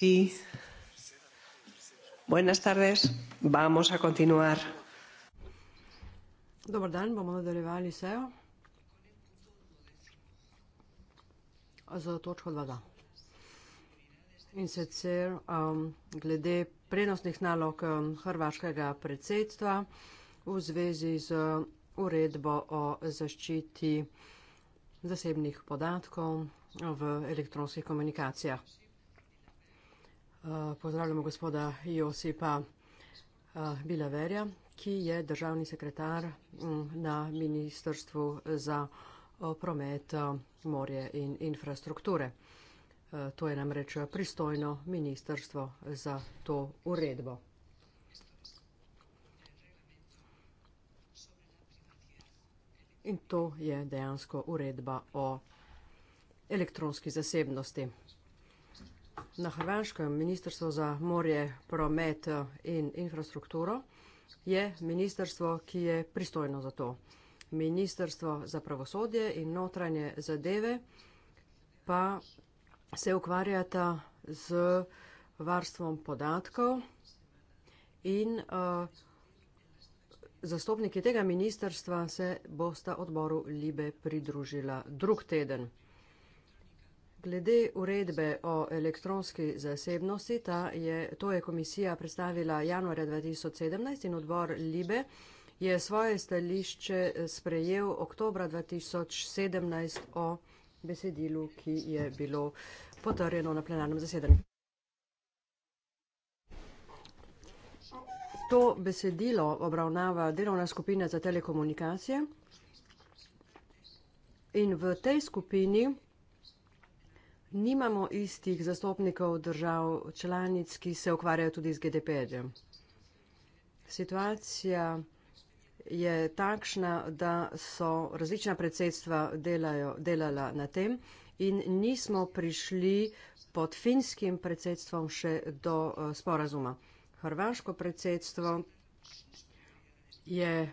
Sí. Buenas tardes. Vamos a continuar. Dobro dan, bomo nadaljevali sejo. Za točko 2. In sicer um, glede prenosnih nalog um, hrvaškega predsedstva v zvezi z uredbo o zaščiti zasebnih podatkov v elektronskih komunikacijah. Eh, pozdravljamo gospoda Josipa eh, Bilaverja, ki je državni sekretar mm, na Ministrstvu za eh, promet, morje in infrastrukture. To je namreč pristojno ministrstvo za to uredbo. In to je dejansko uredba o elektronski zasebnosti na Hrvaškem ministrstvo za morje, promet eh, in infrastrukturo, je ministrstvo, ki je pristojno za to. Ministrstvo za pravosodje in notranje zadeve pa se ukvarjata z varstvom podatkov in uh, zastopniki tega ministrstva se bosta odboru Libe pridružila drug teden. Glede uredbe o elektronski zasebnosti, je, to je komisija predstavila januarja 2017 in odbor Libe je svoje stališče sprejel oktobra 2017 o besedilu, ki je bilo potrjeno na plenarnem zasedanju. To besedilo obravnava delovna skupina za telekomunikacije in v tej skupini nimamo istih zastopnikov držav članic, ki se ukvarjajo tudi z GDPR-jem. Situacija je takšna, da so različna predsedstva delajo, delala na tem in nismo prišli pod finskim predsedstvom še do uh, sporazuma. Hrvaško predsedstvo je,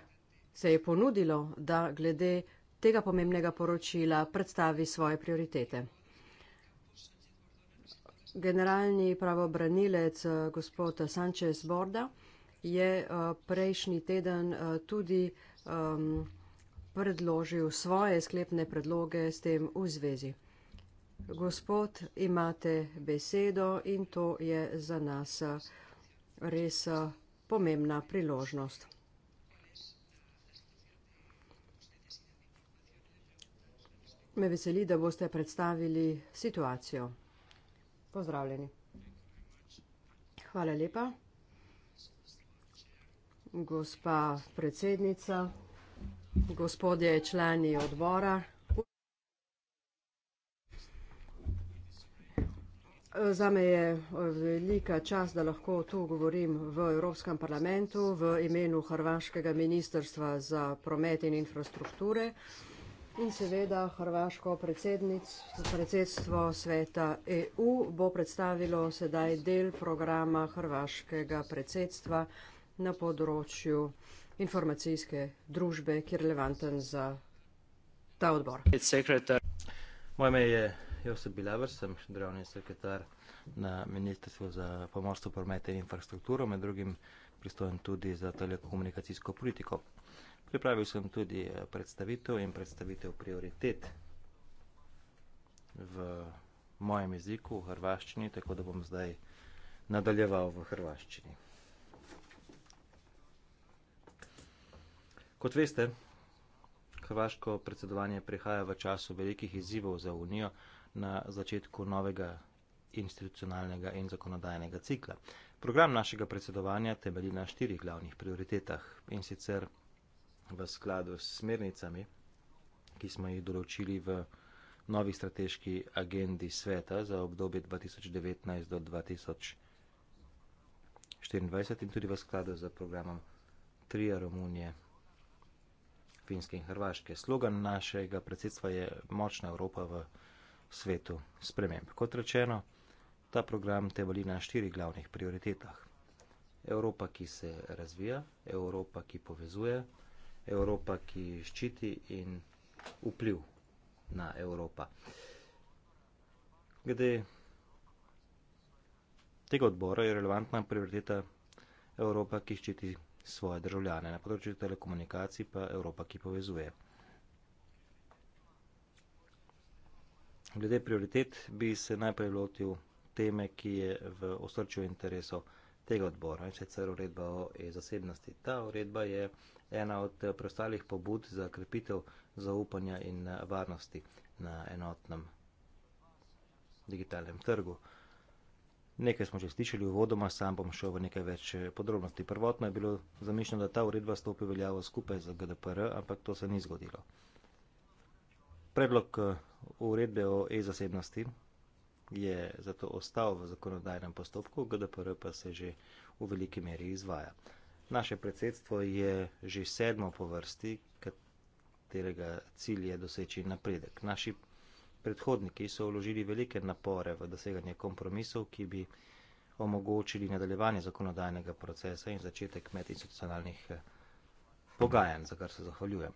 se je ponudilo, da glede tega pomembnega poročila predstavi svoje prioritete generalni pravobranilec eh, gospod Sanchez Borda je eh, prejšnji teden eh, tudi predložil svoje sklepne predloge s tem v zvezi. Gospod, imate besedo in to je za nas res pomembna priložnost. Me veseli, da boste predstavili situacijo. Pozdravljeni. Hvala lepa. Gospa predsednica, gospodje člani odbora. Zame je eh, velika čast, da lahko tu govorim v Evropskem parlamentu v imenu Hrvaškega ministrstva za promet in infrastrukture. In seveda hrvaško predsedstvo sveta EU bo predstavilo sedaj del programa hrvaškega predsedstva na področju informacijske družbe, ki je relevanten za ta odbor. Moje ime je Josip Bilaver, sem državni sekretar na Ministrstvu za pomorstvo, promet in infrastrukturo, med drugim pristojen tudi za telekomunikacijsko politiko. Pripravil sem tudi eh, predstavitev in predstavitev prioritet v mojem jeziku, v hrvaščini, tako da bom zdaj nadaljeval v hrvaščini. Kot veste, hrvaško predsedovanje prihaja v času velikih izzivov za Unijo na začetku novega institucionalnega in zakonodajnega cikla. Program našega predsedovanja temelji na štirih glavnih prioritetah in sicer v skladu s smernicami, ki smo jih določili v novi strateški agendi sveta za obdobje 2019 do 2024 in tudi v skladu z programom Trija Romunije, Finske in Hrvaške. Slogan našega predsedstva je Močna Evropa v svetu sprememb. Kot rečeno, ta program temelji na štirih glavnih prioritetah. Evropa, ki se razvija, Evropa, ki povezuje, Evropa, ki ščiti in vpliv na Evropa. Glede tega odbora je relevantna prioriteta Evropa, ki ščiti svoje državljane, na področju telekomunikacij pa Evropa, ki povezuje. Glede prioritet bi se najprej lotil teme, ki je v osrčju interesov tega odbora, in sicer uredba o e-zasebnosti. Ta uredba je ena od eh, preostalih pobud za krepitev zaupanja in eh, varnosti na enotnem digitalnem trgu. Nekaj smo že slišali v vodoma, sam bom šel v nekaj več eh, podrobnosti. Prvotno je bilo zamišljeno, da ta uredba stopi veljavo skupaj z GDPR, ampak to se ni zgodilo. Predlog uredbe o e-zasebnosti je zato ostal v zakonodajnem postopku, GDPR pa se že v veliki meri izvaja. Naše predsedstvo je že sedmo po vrsti, katerega cilj je doseči napredek. Naši predhodniki so vložili velike napore v doseganje kompromisov, ki bi omogočili nadaljevanje zakonodajnega procesa in začetek medinstitucionalnih eh, pogajanj, za kar se zahvaljujem.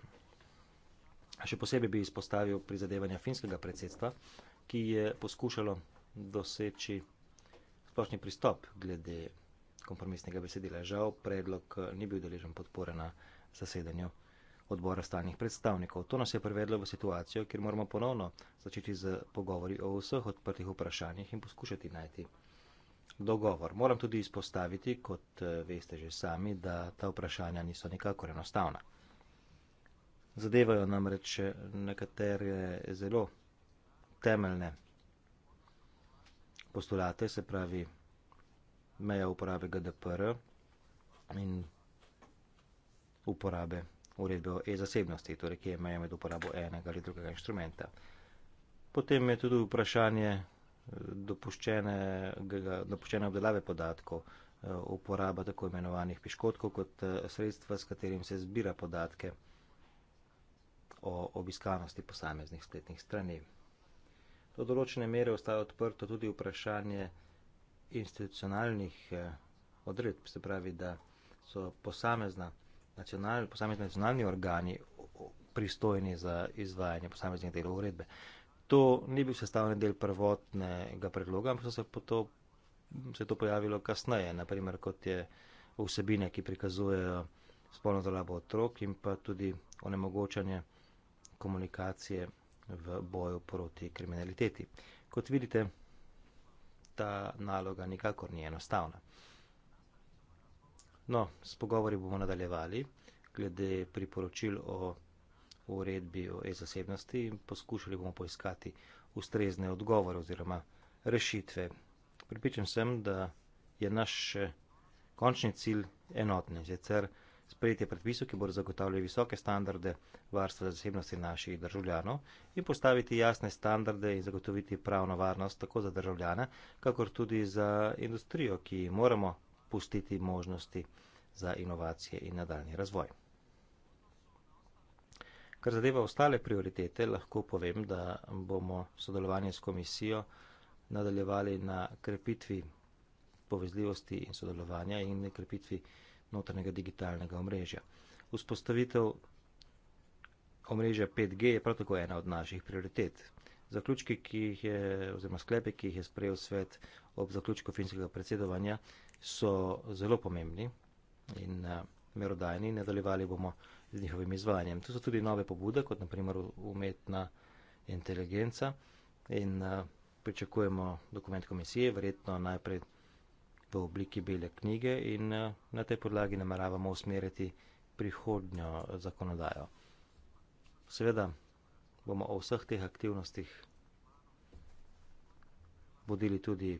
Še posebej bi izpostavil prizadevanja finskega predsedstva, ki je poskušalo doseči splošni pristop glede kompromisnega besedila. Žal predlog eh, ni bil deležen podpore na zasedanju odbora stalnih predstavnikov. To nas je privedlo v situacijo, kjer moramo ponovno začeti z pogovori o vseh odprtih vprašanjih in poskušati najti dogovor. Moram tudi izpostaviti, kot eh, veste že sami, da ta vprašanja niso nikakor enostavna. Zadevajo namreč eh, nekatere zelo temeljne postulate, se pravi meja uporabe GDPR in uporabe uredbe o e-zasebnosti, torej kje je meja med uporabo enega ali drugega inštrumenta. Potem je tudi vprašanje eh, dopuščene obdelave podatkov, eh, uporaba tako imenovanih piškotkov kot eh, sredstva, s katerim se zbira podatke o obiskanosti posameznih spletnih strani. Do določene mere ostaja odprto tudi vprašanje, institucionalnih eh, odredb, se pravi, da so posamezna nacional, posamezni nacionalni organi pristojni za izvajanje posameznih delov uredbe. To ni bil sestavni del prvotnega predloga, ampak se, to, se je to pojavilo kasneje, naprimer kot je vsebine, ki prikazujejo spolno zlorabo otrok in pa tudi onemogočanje komunikacije v boju proti kriminaliteti. Kot vidite, ta naloga nikakor ni enostavna. No, s pogovori bomo nadaljevali glede priporočil o uredbi o e-zasebnosti in poskušali bomo poiskati ustrezne odgovore oziroma rešitve. Pripričan sem, da je naš eh, končni cilj enotni, zecer sprejetje predpisov, ki bodo zagotavljali visoke standarde varstva zasebnosti naših državljanov in postaviti jasne standarde in zagotoviti pravno varnost tako za državljane, kakor tudi za industrijo, ki moramo pustiti možnosti za inovacije in nadaljni razvoj. Kar zadeva ostale prioritete, lahko povem, da bomo sodelovanje s komisijo nadaljevali na krepitvi povezljivosti in sodelovanja in krepitvi notranjega digitalnega omrežja. Vzpostavitev omrežja 5G je prav tako ena od naših prioritet. Zaključki, ki jih je, oziroma sklepe, ki jih je sprejel svet ob zaključku finskega predsedovanja, so zelo pomembni in eh, merodajni. Nadaljevali bomo z njihovim izvajanjem. Tu so tudi nove pobude, kot naprimer umetna inteligenca in eh, pričakujemo dokument komisije, verjetno najprej v obliki bele knjige in eh, na tej podlagi nameravamo usmeriti prihodnjo zakonodajo. Seveda bomo o vseh teh aktivnostih vodili tudi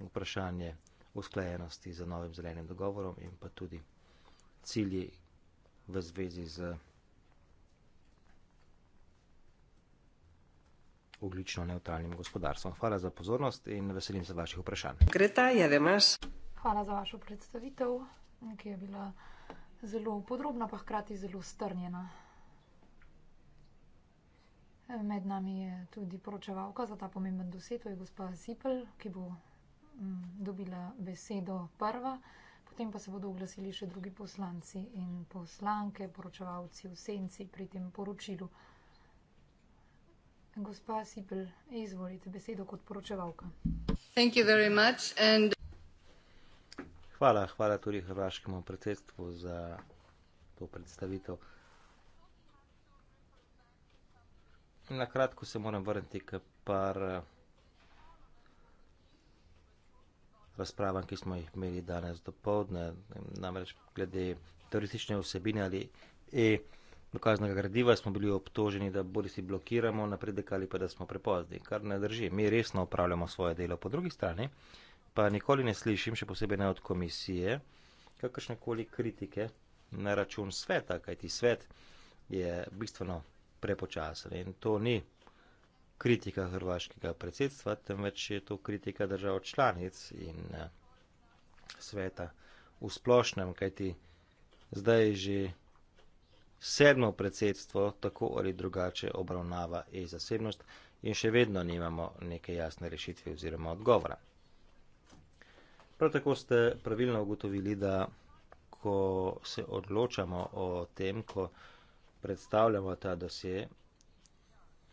vprašanje usklajenosti za novim zelenim dogovorom in pa tudi cilji v zvezi z ugljično neutralnim gospodarstvom. Hvala za pozornost in veselim se vaših vprašanj. Greta, Jeremas. Hvala za vašo predstavitev, ki je bila zelo podrobna, pa hkrati zelo strnjena. Med nami je tudi poročevalka za ta pomemben dosed, to je gospa Zipel, ki bo mm, dobila besedo prva, potem pa se bodo oglasili še drugi poslanci in poslanke, poročevalci v senci pri tem poročilu. Gospa Sipel, izvolite besedo kot poročevalka. Hvala, hvala tudi hrvaškemu predsedstvu za to predstavitev. Na kratko se moram vrniti k par eh, razpravam, ki smo jih imeli danes dopoldne, namreč glede turistične vsebine ali e-turizma dokaznega gradiva smo bili obtoženi, da bodi si blokiramo napredek ali pa da smo prepozni, kar ne drži. Mi resno opravljamo svoje delo. Po drugi strani pa nikoli ne slišim, še posebej ne od komisije, kakršnekoli kritike na račun sveta, kajti svet je bistveno prepočasen in to ni kritika hrvaškega predsedstva, temveč je to kritika držav članic in eh, sveta v splošnem, kajti zdaj že sedmo predsedstvo tako ali drugače obravnava e-zasebnost in še vedno nimamo neke jasne rešitve oziroma odgovora. Prav tako ste pravilno ugotovili, da ko se odločamo o tem, ko predstavljamo ta dosje,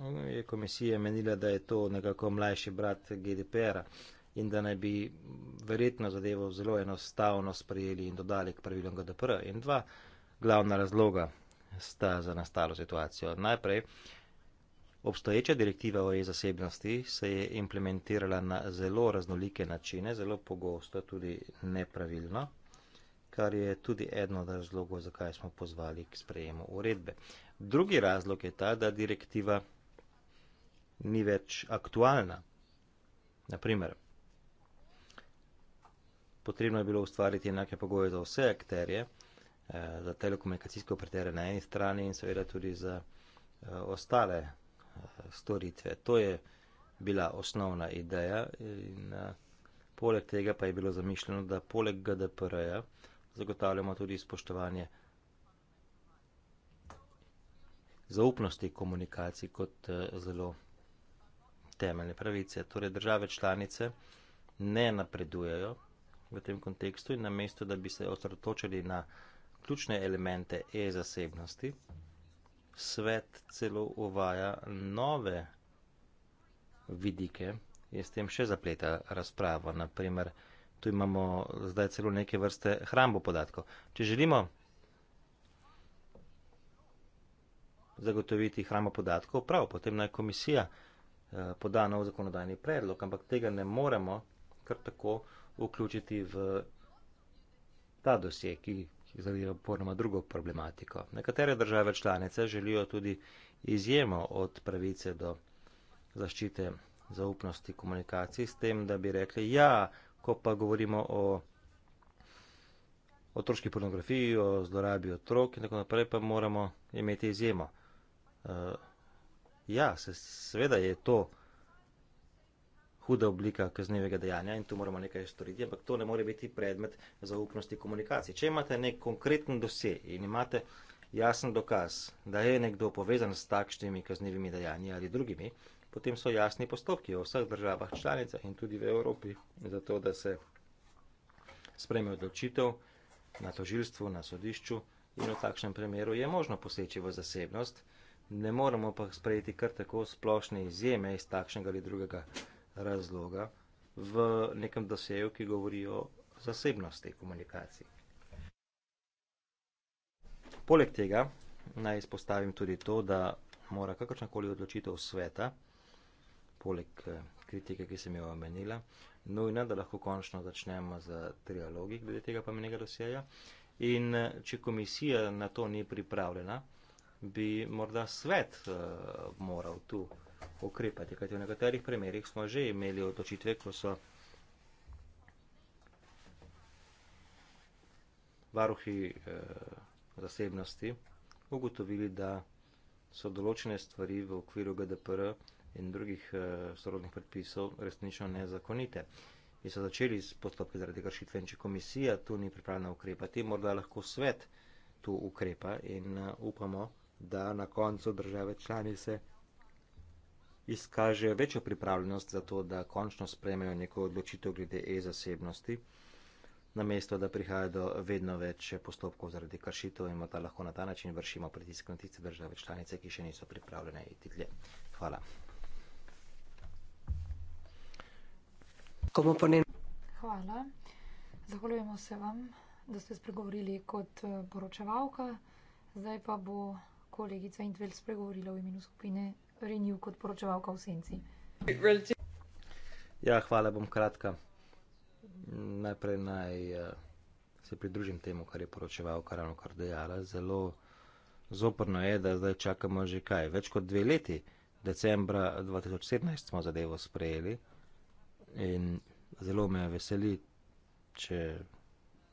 je komisija menila, da je to nekako mlajši brat GDPR-a in da naj bi verjetno zadevo zelo enostavno sprejeli in dodali k pravilom GDPR. In dva glavna razloga sta za nastalo situacijo. Najprej, obstoječa direktiva o e-zasebnosti se je implementirala na zelo raznolike načine, zelo pogosto tudi nepravilno, kar je tudi eno od razlogov, zakaj smo pozvali k sprejemu uredbe. Drugi razlog je ta, da direktiva ni več aktualna. Naprimer, potrebno je bilo ustvariti enake pogoje za vse akterje, eh, za telekomunikacijske operatere na eni strani in seveda tudi za eh, ostale eh, storitve. To je bila osnovna ideja in eh, poleg tega pa je bilo zamišljeno, da poleg GDPR-ja zagotavljamo tudi spoštovanje zaupnosti komunikacij kot eh, zelo temeljne pravice. Torej države članice ne napredujejo v tem kontekstu in namesto, da bi se osredotočili na eh, ključne elemente e-zasebnosti. Svet celo uvaja nove vidike in s tem še zapleta razpravo. Naprimer, tu imamo zdaj celo neke vrste hrambo podatkov. Če želimo zagotoviti hrambo podatkov, prav, potem naj komisija eh, poda nov zakonodajni predlog, ampak tega ne moremo kar tako vključiti v ta dosje, ki zavira ponoma drugo problematiko. Nekatere države članice želijo tudi izjemo od pravice do zaščite zaupnosti komunikacij s tem, da bi rekli, ja, ko pa govorimo o otroški pornografiji, o zlorabi otrok in tako naprej, pa moramo imeti izjemo. Uh, ja, se, seveda je to huda oblika kaznevega dejanja in tu moramo nekaj storiti, ampak to ne more biti predmet zaupnosti komunikacije. Če imate nek konkreten dosje in imate jasen dokaz, da je nekdo povezan s takšnimi kaznevimi dejanji ali drugimi, potem so jasni postopki v vseh državah članicah in tudi v Evropi, zato da se spreme odločitev na tožilstvu, na sodišču in v takšnem primeru je možno poseči v zasebnost, ne moremo pa sprejeti kar tako splošne izjeme iz takšnega ali drugega razloga v nekem doseju, ki govori o zasebnosti komunikacij. Poleg tega naj izpostavim tudi to, da mora kakršnakoli odločitev sveta, poleg eh, kritike, ki sem jo omenila, nujna, da lahko končno začnemo z trialogi glede tega pomenega doseja. In eh, če komisija na to ni pripravljena, bi morda svet uh, moral tu uh, ukrepati. Kajti v nekaterih primerjih smo že imeli odločitve, ko so varuhi eh, zasebnosti ugotovili, da so določene stvari v okviru GDPR in drugih eh, sorodnih predpisov resnično nezakonite. In so začeli s postopki zaradi kršitve, in če komisija tu ni pripravljena ukrepati, morda lahko svet tu ukrepa in eh, upamo, da na koncu države članice izkažejo večjo pripravljenost za to, da končno sprejmejo neko odločitev glede e-zasebnosti, namesto da prihaja do vedno več postopkov zaradi kršitev in morda lahko na ta način vršimo pritisk na tiste države članice, ki še niso pripravljene iti dlje. Hvala. Hvala. Zahvaljujemo se vam, da ste spregovorili kot eh, poročevalka. Zdaj pa bo kolegica Intvel spregovorila v imenu skupine rinil kot poročevalka v senci. Ja, hvala, bom kratka. Najprej naj eh, se pridružim temu, kar je poročevalka ravno kar dejala. Zelo zoprno je, da zdaj čakamo že kaj. Več kot dve leti, decembra 2017, smo zadevo sprejeli in zelo me veseli, če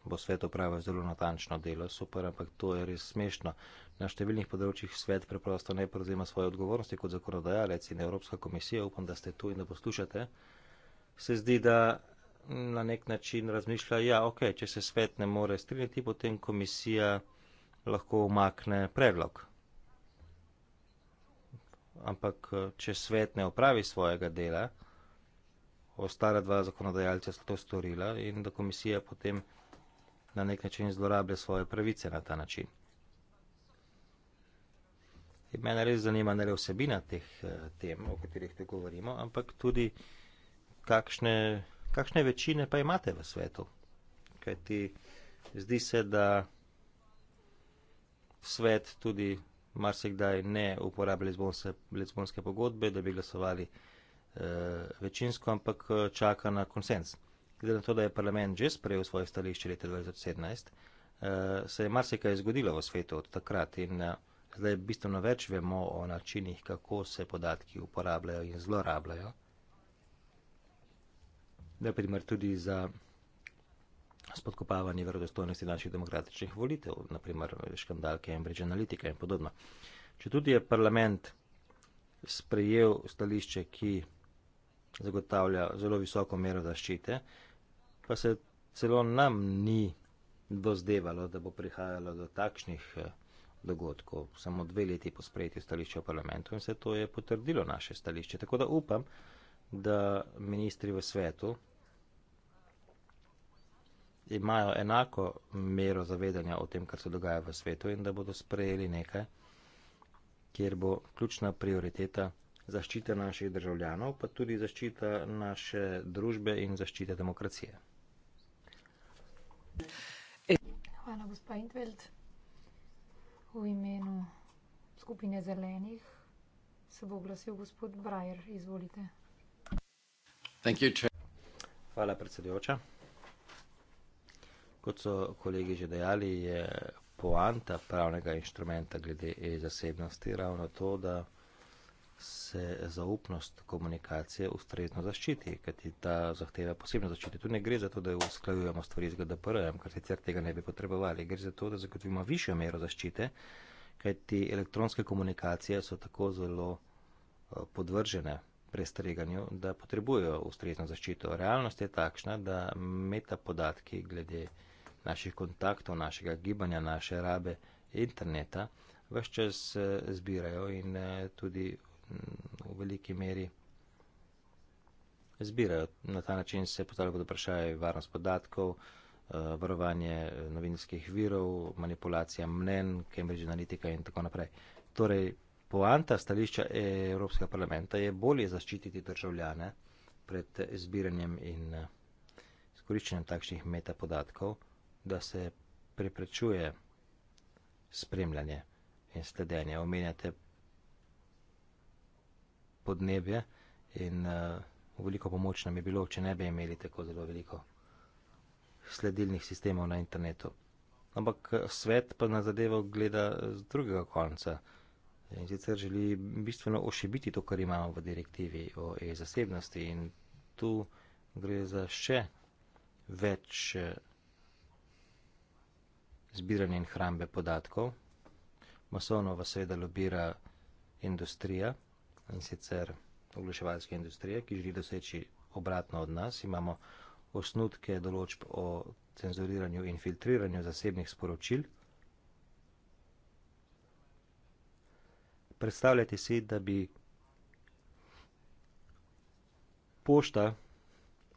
bo svet upravil zelo natančno delo, super, ampak to je res smešno. Na številnih področjih svet preprosto ne prevzema svoje odgovornosti kot zakonodajalec in Evropska komisija, upam, da ste tu in da poslušate, se zdi, da na nek način razmišlja, ja, ok, če se svet ne more strinjati, potem komisija lahko umakne predlog. Ampak, če svet ne opravi svojega dela, ostala dva zakonodajalca sta to storila in da komisija potem na nek način zlorablja svoje pravice na ta način. In mene res zanima ne le vsebina teh eh, tem, o katerih te govorimo, ampak tudi kakšne, kakšne večine pa imate v svetu. Kaj ti zdi se, da svet tudi marsikdaj ne uporablja lezbonske pogodbe, da bi glasovali eh, večinsko, ampak eh, čaka na konsens glede na to, da je parlament že sprejel svoje stališče leta 2017, eh, se je marsikaj zgodilo v svetu od takrat in eh, zdaj bistveno več vemo o načinih, kako se podatki uporabljajo in zlorabljajo. Naprimer tudi za spodkopavanje verodostojnosti naših demokratičnih volitev, naprimer škandal Cambridge Analytica in podobno. Če tudi je parlament sprejel stališče, ki zagotavlja zelo visoko mero zaščite, pa se celo nam ni dozdevalo, da bo prihajalo do takšnih eh, dogodkov. Samo dve leti po sprejetju stališča v parlamentu in se to je potrdilo naše stališče. Tako da upam, da ministri v svetu imajo enako mero zavedanja o tem, kar se dogaja v svetu in da bodo sprejeli nekaj, kjer bo ključna prioriteta zaščita naših državljanov, pa tudi zaščita naše družbe in zaščita demokracije. Hvala, gospa Intveld. V imenu skupine zelenih se bo oglasil gospod Brajer. Izvolite. Hvala, predsedujoča. Kot so kolegi že dejali, je poanta pravnega inštrumenta glede zasebnosti ravno to, da se zaupnost komunikacije ustrezno zaščiti, kajti ta zahteva posebno zaščiti. Tu ne gre za to, da usklajujemo stvari z GDPR-jem, kar sicer tega ne bi potrebovali. Gre za to, da zagotovimo višjo mero zaščite, kajti elektronske komunikacije so tako zelo eh, podvržene prestreganju, da potrebujejo ustrezno zaščito. Realnost je takšna, da metapodatki glede naših kontaktov, našega gibanja, naše rabe interneta, vse čas eh, zbirajo in eh, tudi v veliki meri zbirajo. Na ta način se postavlja pod vprašanje varnost podatkov, eh, varovanje eh, novinskih virov, manipulacija mnen, Cambridge Analytica in tako naprej. Torej, poanta stališča Evropskega parlamenta je bolje zaščititi državljane pred zbiranjem in eh, izkoriščenjem takšnih metapodatkov, da se preprečuje spremljanje in sledenje. Omenjate podnebje in uh, veliko pomoč nam je bilo, če ne bi imeli tako zelo veliko sledilnih sistemov na internetu. Ampak eh, svet pa na zadevo gleda eh, z drugega konca in sicer želi bistveno ošibiti to, kar imamo v direktivi o e-zasebnosti in tu gre za še več zbiranje in hrambe podatkov. Masovno vas seveda lobira industrija in sicer oglaševalske industrije, ki želi doseči obratno od nas. Imamo osnutke določb o cenzuriranju in filtriranju zasebnih sporočil. Predstavljajte si, da bi pošta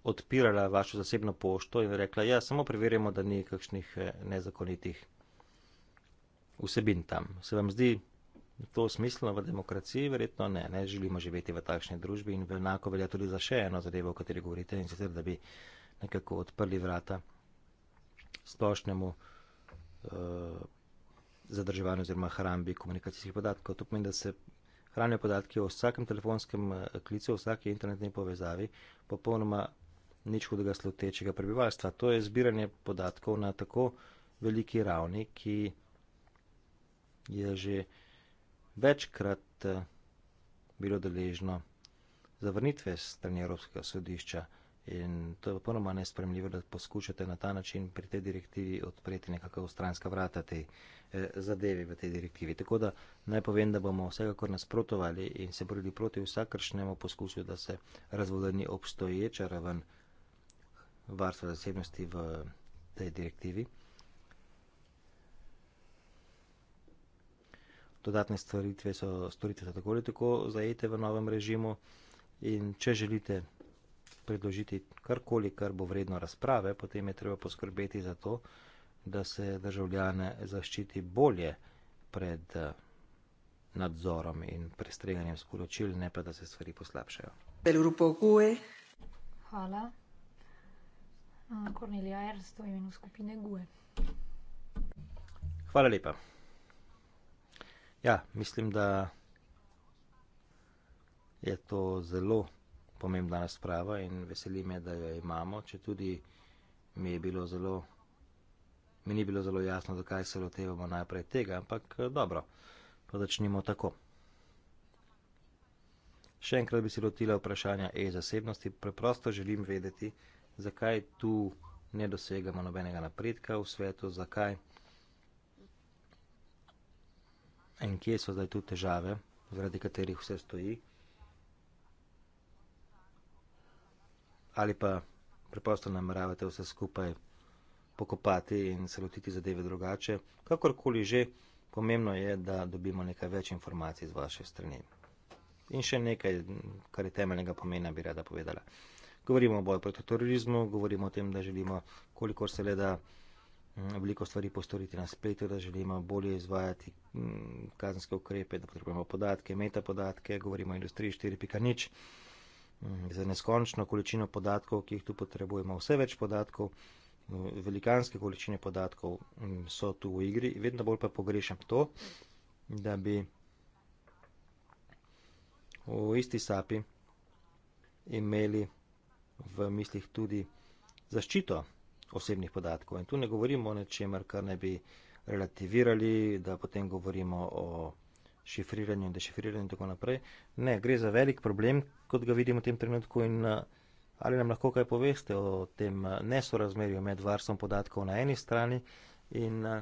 odpirala vašo zasebno pošto in rekla, ja, samo preverjamo, da ni kakšnih eh, nezakonitih vsebin tam. Se vam zdi To smiselno v demokraciji verjetno ne, ne želimo živeti v takšni družbi in enako velja tudi za še eno zadevo, o kateri govorite in sicer, da bi nekako odprli vrata splošnemu uh, zadrževanju oziroma hrambi komunikacijskih podatkov. To pomeni, da se hranijo podatki o vsakem telefonskem eh, klicu, o vsaki internetni povezavi, popolnoma nič hudega slutečega prebivalstva. To je zbiranje podatkov na tako veliki ravni, ki je že večkrat eh, bilo deležno zavrnitve strani Evropskega sodišča. In to je popolnoma nespremljivo, da poskušate na ta način pri tej direktivi odpreti nekako stranska vrata te eh, zadeve v tej direktivi. Tako da naj povem, da bomo vsekakor nasprotovali in se borili proti vsakršnemu poskusu, da se razvodeni obstoječa raven varstva zasebnosti v tej direktivi. dodatne stvaritve so storitve tako ali tako zajete v novem režimu. In če želite predložiti karkoli, kar bo vredno razprave, potem je treba poskrbeti za to, da se državljane zaščiti bolje pred eh, nadzorom in prestreganjem sporočil, ne pa da se stvari poslabšajo. Hvala. Kornelija eh, Erst v imenu skupine GUE. Hvala lepa. Ja, mislim, da je to zelo pomembna razprava in veseli me, da jo imamo, če tudi mi je bilo zelo, mi ni bilo zelo jasno, zakaj se lotevamo najprej tega, ampak eh, dobro, pa začnimo tako. Še enkrat bi se lotila vprašanja e-zasebnosti, preprosto želim vedeti, zakaj tu ne dosegamo nobenega napredka v svetu, zakaj. in kje so zdaj tu težave, zaradi katerih vse stoji. Ali pa preprosto nameravate vse skupaj pokopati in se lotiti zadeve drugače. Kakorkoli že, pomembno je, da dobimo nekaj več informacij z vaše strani. In še nekaj, kar je temeljnega pomena, bi rada povedala. Govorimo o boju proti terorizmu, govorimo o tem, da želimo kolikor se le da Mm, veliko stvari postoriti na spletu, da želimo bolje izvajati mm, kazenske ukrepe, da potrebujemo podatke, metapodatke, govorimo o industriji 4.0, mm, za neskončno količino podatkov, ki jih tu potrebujemo, vse več podatkov, velikanske količine podatkov so tu v igri, vedno bolj pa pogrešam to, da bi v isti sapi imeli v mislih tudi zaščito osebnih podatkov. In tu ne govorimo o nečemer, kar ne bi relativirali, da potem govorimo o šifriranju in dešifriranju in tako naprej. Ne, gre za velik problem, kot ga vidimo v tem trenutku in eh, ali nam lahko kaj poveste o tem eh, nesorazmerju med varstvom podatkov na eni strani in eh,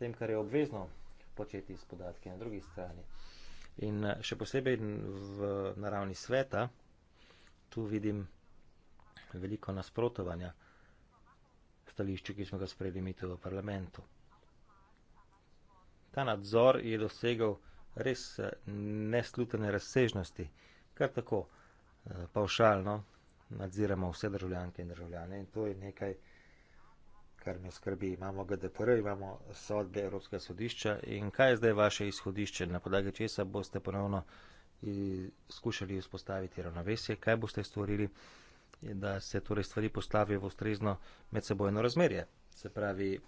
tem, kar je obvezno početi s podatki na drugi strani. In še posebej v naravni sveta, tu vidim, veliko nasprotovanja stališču, ki smo ga sprejeli mi tu v parlamentu. Ta nadzor je dosegal res eh, neslutene razsežnosti, kar tako eh, pavšalno nadziramo vse državljanke in državljane in to je nekaj, kar me skrbi. Imamo GDPR, imamo sodbe Evropskega sodišča in kaj je zdaj vaše izhodišče, na podlagi česa boste ponovno skušali vzpostaviti ravnovesje, kaj boste storili in da se torej stvari postavijo v ustrezno medsebojno razmerje. Se pravi,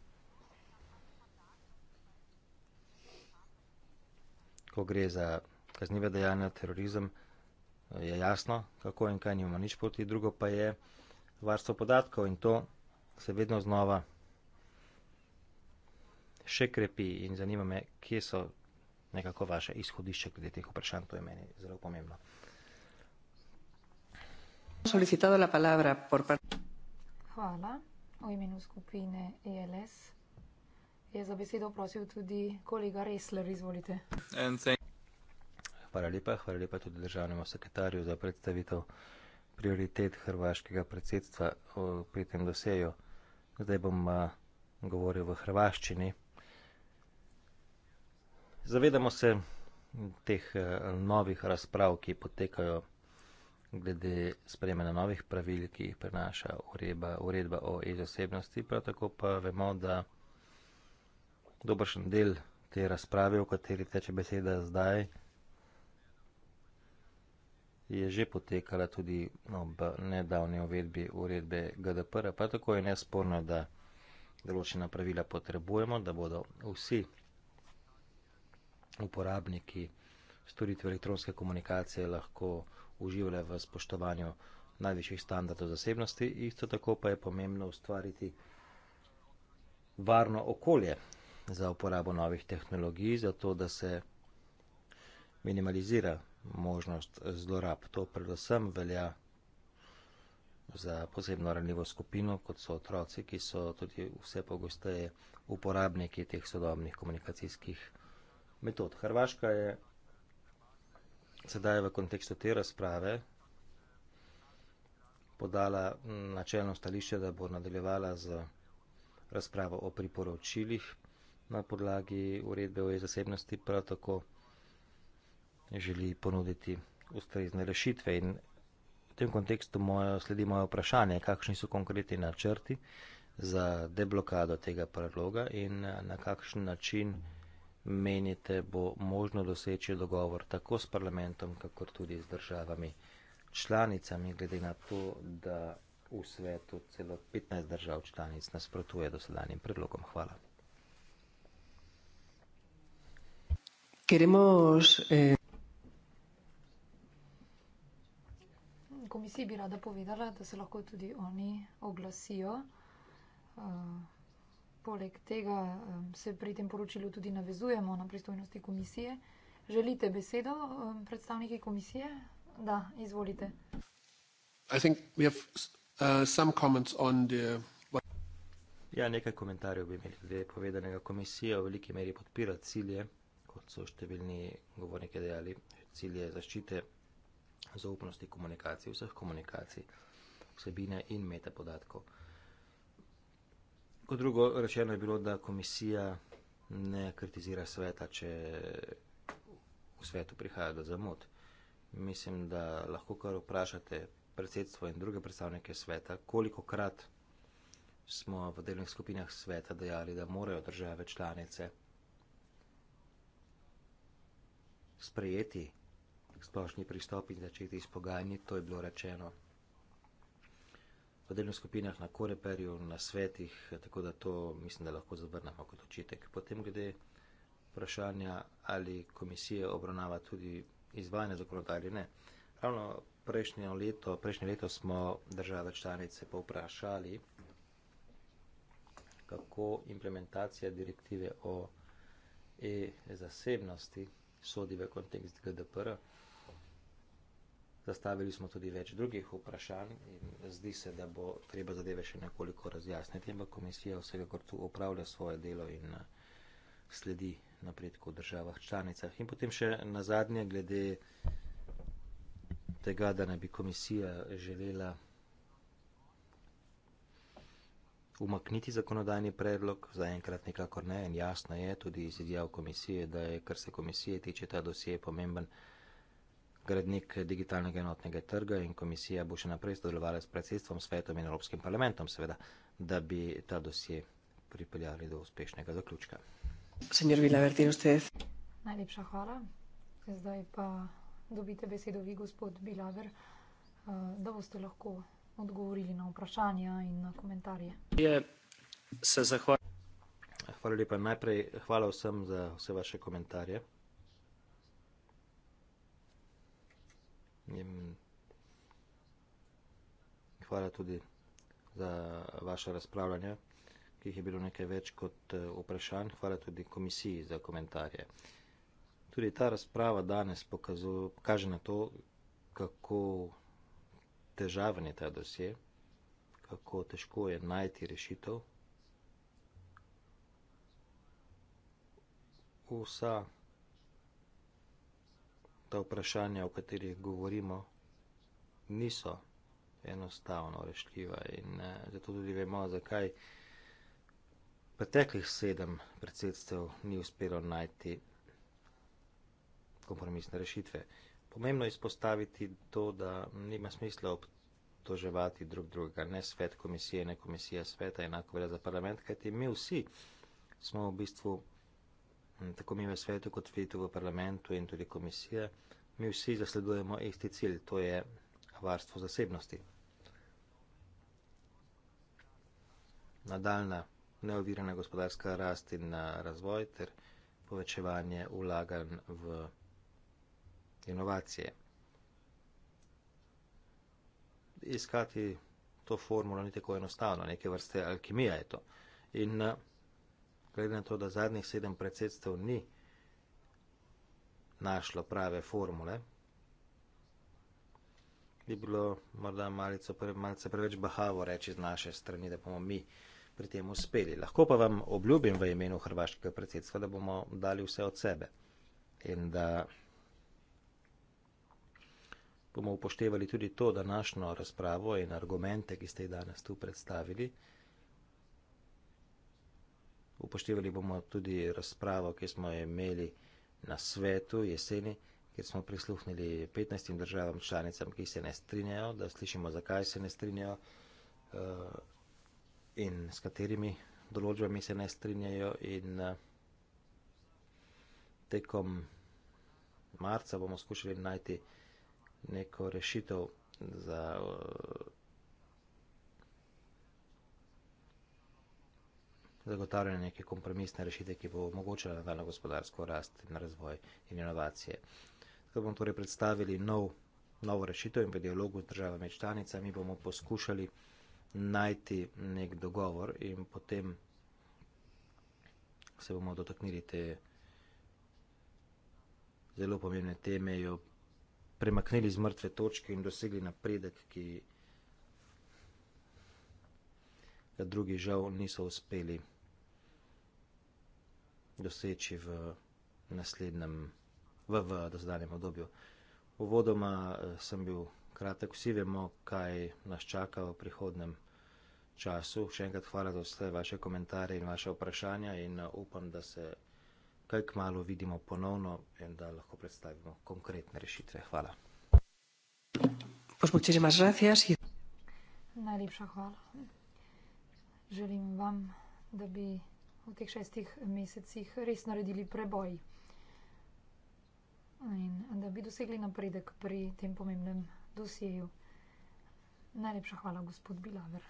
ko gre za kaznive dejanja, terorizem, je jasno, kako in kaj nima nič proti, drugo pa je varstvo podatkov in to se vedno znova še krepi in zanima me, kje so nekako vaše izhodišče glede teh vprašanj, to je meni zelo pomembno solicitado la palabra por parte. Hvala. V imenu skupine ELS je za besedo prosil tudi kolega Resler. Izvolite. Hvala lepa. Hvala lepa tudi državnemu sekretarju za predstavitev prioritet hrvaškega predsedstva pri tem doseju. Zdaj bom govoril v hrvaščini. Zavedamo se teh novih razprav, ki potekajo glede sprejemanja novih pravil, ki jih prenaša uredba, uredba o e-osebnosti. Prav tako pa vemo, da dobršen del te razprave, o kateri teče beseda zdaj, je že potekala tudi ob nedavni uvedbi uredbe GDPR. Prav tako je nesporno, da določena pravila potrebujemo, da bodo vsi uporabniki storitve elektronske komunikacije lahko uživale v spoštovanju najvišjih standardov zasebnosti, isto tako pa je pomembno ustvariti varno okolje za uporabo novih tehnologij, zato da se minimalizira možnost zlorab. To predvsem velja za posebno ranljivo skupino, kot so otroci, ki so tudi vse pogosteje uporabniki teh sodobnih komunikacijskih metod. Hrvaška je sedaj v kontekstu te razprave podala načelno stališče, da bo nadaljevala z razpravo o priporočilih na podlagi uredbe o zasebnosti, prav tako želi ponuditi ustrezne rešitve. In v tem kontekstu mojo, sledi moje vprašanje, kakšni so konkretni načrti za deblokado tega predloga in na kakšen način. Mhm menite, bo možno doseči dogovor tako s parlamentom, kakor tudi z državami članicami, glede na to, da v svetu celo 15 držav članic nasprotuje dosedanjem predlogom. Hvala. Queremos, eh... Komisiji bi rada povedala, da se lahko tudi oni oglasijo. Uh poleg tega um, se pri tem poročilu tudi navezujemo na pristojnosti komisije. Želite besedo um, predstavniki komisije? Da, izvolite. Uh, ja, nekaj komentarjev bi imeli glede povedanega. Komisija v veliki meri podpira cilje, kot so številni govorniki dejali, cilje zaščite zaupnosti komunikacij, vseh komunikacij, vsebine in metapodatkov. Kot drugo, rečeno je bilo, da komisija ne kritizira sveta, če v svetu prihaja do zamot. Mislim, da lahko kar vprašate predsedstvo in druge predstavnike sveta, koliko krat smo v delnih skupinah sveta dejali, da morajo države članice sprejeti splošni pristop in začeti izpogajanje, to je bilo rečeno v delovnih skupinah, na koreperju, na svetih, tako da to mislim, da lahko zavrnemo kot očitek. Potem glede vprašanja, ali komisija obravnava tudi izvajanje zakonodaje, ne. Ravno prejšnje leto, prejšnje leto smo države članice povprašali, kako implementacija direktive o e-zasebnosti sodi v kontekst GDPR. -a. Zastavili smo tudi več drugih vprašanj in zdi se, da bo treba zadeve še nekoliko razjasniti, ampak komisija vsekakor tu upravlja svoje delo in eh, sledi napredku v državah članicah. In potem še na zadnje, glede tega, da naj bi komisija želela umakniti zakonodajni predlog, zaenkrat nikakor ne in jasno je tudi iz izjav komisije, da je, kar se komisije tiče, ta dosje pomemben gradnik digitalnega enotnega trga in komisija bo še naprej sodelovala s predsedstvom, svetom in Evropskim parlamentom, seveda, da bi ta dosje pripeljali do uspešnega zaključka. Senjor Vilaverti, ustez. Najlepša hvala. Zdaj pa dobite besedo vi, gospod Bilaver, eh, da boste lahko odgovorili na vprašanja in na komentarje. Hvala lepa. Najprej hvala vsem za vse vaše komentarje. In hvala tudi za vaše razpravljanje, ki jih je bilo nekaj več kot eh, vprašanj. Hvala tudi komisiji za komentarje. Tudi ta razprava danes pokaže na to, kako težaven je ta dosje, kako težko je najti rešitev. Vsa ta vprašanja, o katerih govorimo, niso enostavno rešljiva in eh, zato tudi vemo, zakaj preteklih sedem predsedstev ni uspelo najti kompromisne rešitve. Pomembno je izpostaviti to, da nima smisla obtoževati drug drugega, ne svet komisije, ne komisija sveta, enako velja za parlament, kajti mi vsi smo v bistvu Mm, tako mi v svetu, kot tudi v parlamentu in tudi komisije, mi vsi zasledujemo isti cilj, to je varstvo zasebnosti. Nadaljna neovirana gospodarska rast in eh, razvoj ter povečevanje ulagan v inovacije. Iskati to formulo ni tako enostavno, neke vrste alkimija je to. In eh, glede na to, da zadnjih sedem predsedstev ni našlo prave formule, bi bilo morda malico, malce preveč bahavo reči z naše strani, da bomo mi pri tem uspeli. Lahko pa vam obljubim v imenu hrvaškega predsedstva, da bomo dali vse od sebe in da bomo upoštevali tudi to današnjo razpravo in argumente, ki ste jih danes tu predstavili upoštevali bomo tudi razpravo, ki smo imeli na svetu jeseni, kjer smo prisluhnili 15 državam članicam, ki se ne strinjajo, da slišimo, zakaj se ne strinjajo eh, in s katerimi določbami se ne strinjajo. In eh, tekom marca bomo skušali najti neko rešitev za. Eh, zagotavljanje neke kompromisne rešite, ki bo omogočila nadaljno gospodarsko rast in razvoj in inovacije. Zdaj bomo torej predstavili nov, novo rešitev in v dialogu z državami članicami bomo poskušali najti nek dogovor in potem se bomo dotaknili te zelo pomembne teme, jo premaknili z mrtve točke in dosegli napredek, ki ga drugi žal niso uspeli doseči v naslednjem, v, v dozdanjem obdobju. Uvodoma eh, sem bil kratek, vsi vemo, kaj nas čaka v prihodnem času. Še enkrat hvala za vse vaše komentarje in vaše vprašanja in eh, upam, da se kaj k malu vidimo ponovno in da lahko predstavimo konkretne rešitve. Hvala. Najlepša hvala. Želim vam, da bi v teh šestih mesecih res naredili preboj in da bi dosegli napredek pri tem pomembnem dosjeju. Najlepša hvala, gospod Bilaver.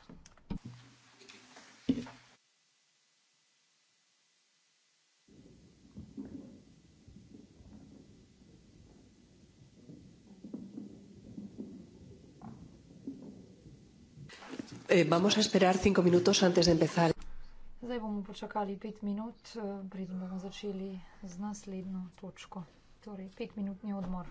Eh, vamos a esperar cinco minutos antes de empezar počakali pet minut, eh, preden bomo začeli z naslednjo točko, torej petminutni odmor.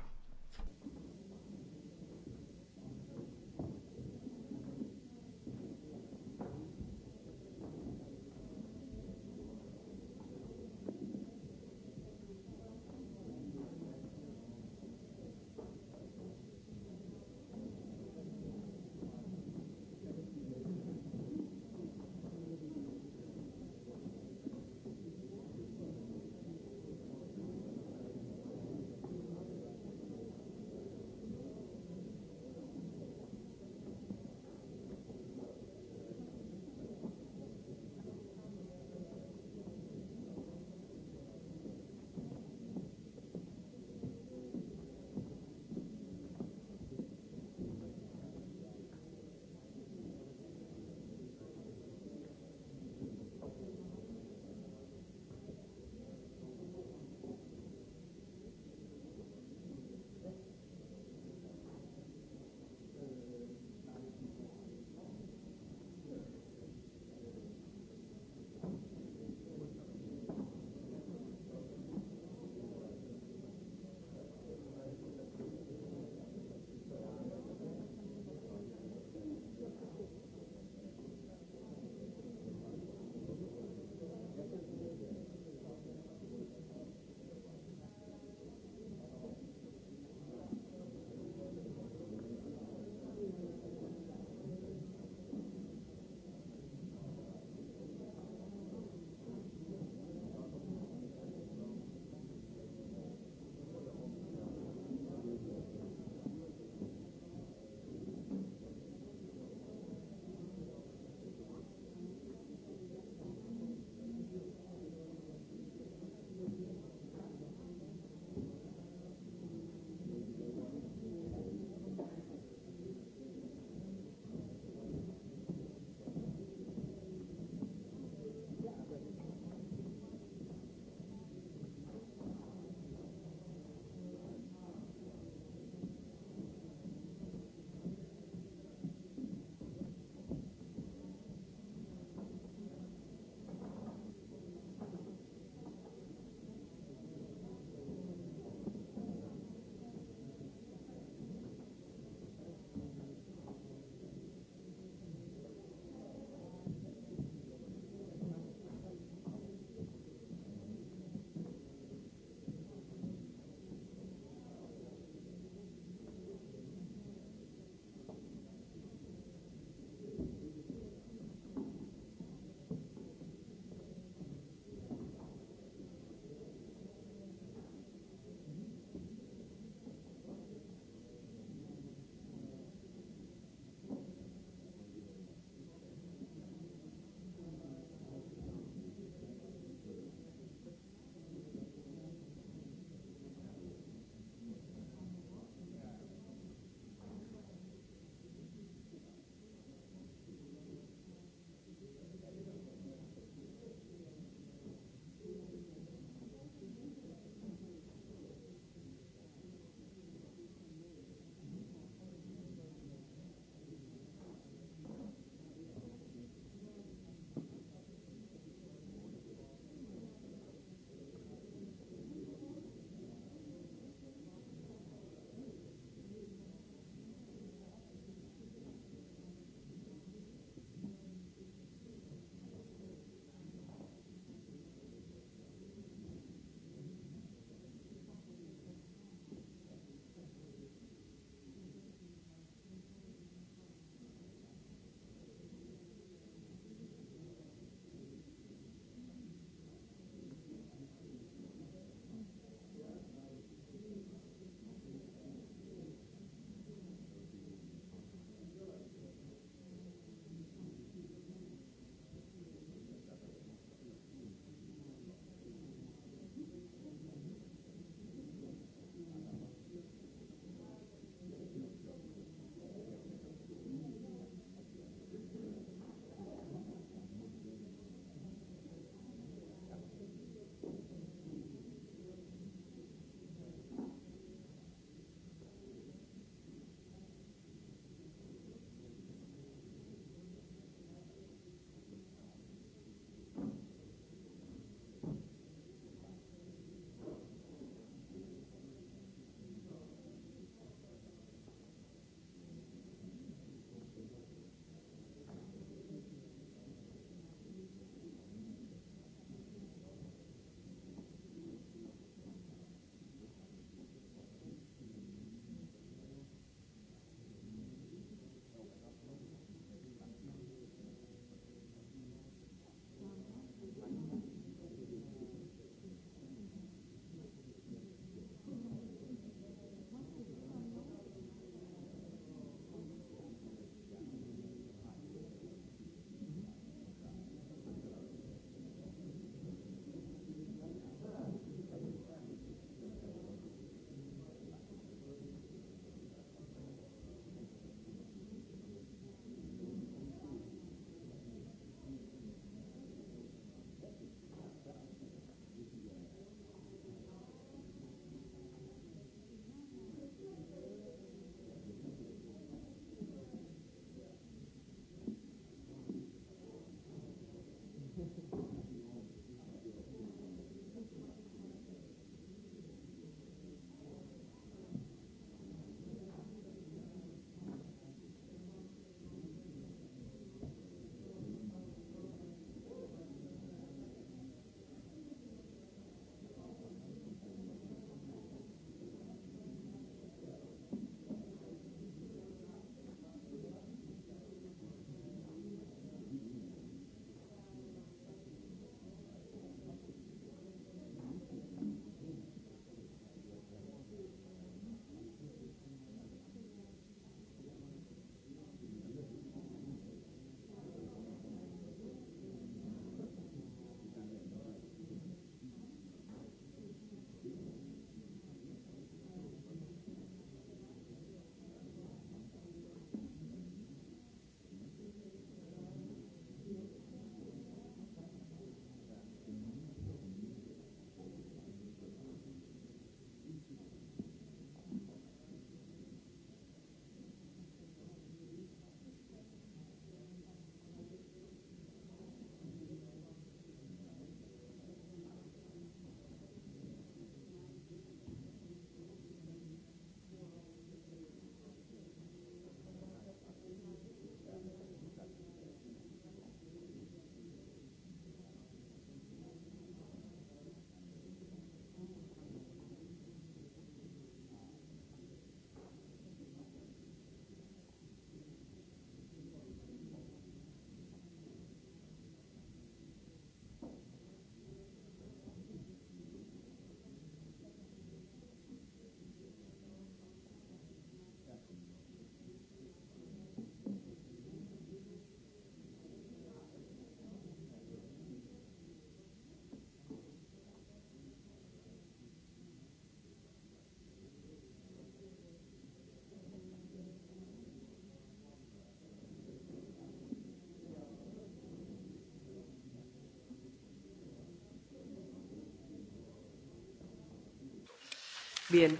Bien.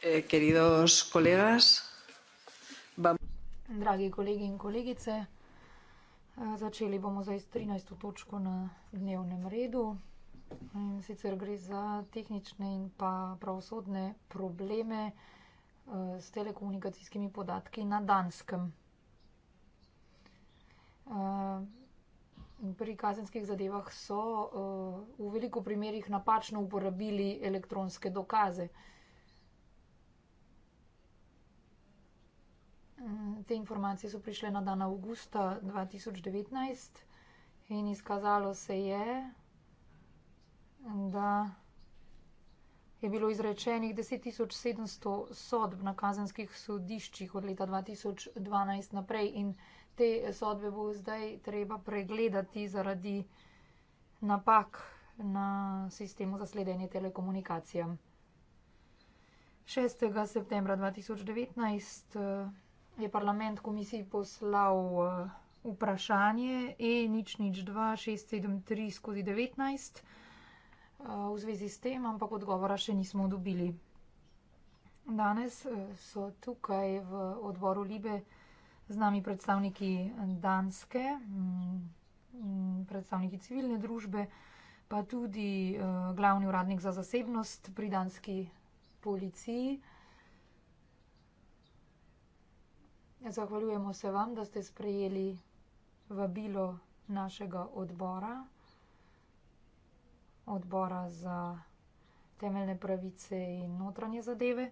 Eh, queridos colegas, Dragi kolegi in kolegice, eh, začeli bomo zdaj s 13. točko na dnevnem redu. In sicer gre za tehnične in pa pravosodne probleme eh, s telekomunikacijskimi podatki na Danskem. kazenskih zadevah so eh, v veliko primerjih napačno uporabili elektronske dokaze. Mm, te informacije so prišle na dan avgusta 2019 in izkazalo se je, da je bilo izrečenih 10.700 sodb na kazenskih sodiščih od leta 2012 naprej in te sodbe bo zdaj treba pregledati zaradi napak na sistemu za sledenje telekomunikacijam. 6. septembra 2019 eh, je parlament komisiji poslal eh, vprašanje E0026739 skozi 19 eh, v zvezi s tem, ampak odgovora še nismo dobili. Danes so tukaj v odboru Libe z nami predstavniki danske, mm, predstavniki civilne družbe, pa tudi eh, glavni uradnik za zasebnost pri danski policiji. Zahvaljujemo se vam, da ste sprejeli vabilo našega odbora, odbora za temeljne pravice in notranje zadeve.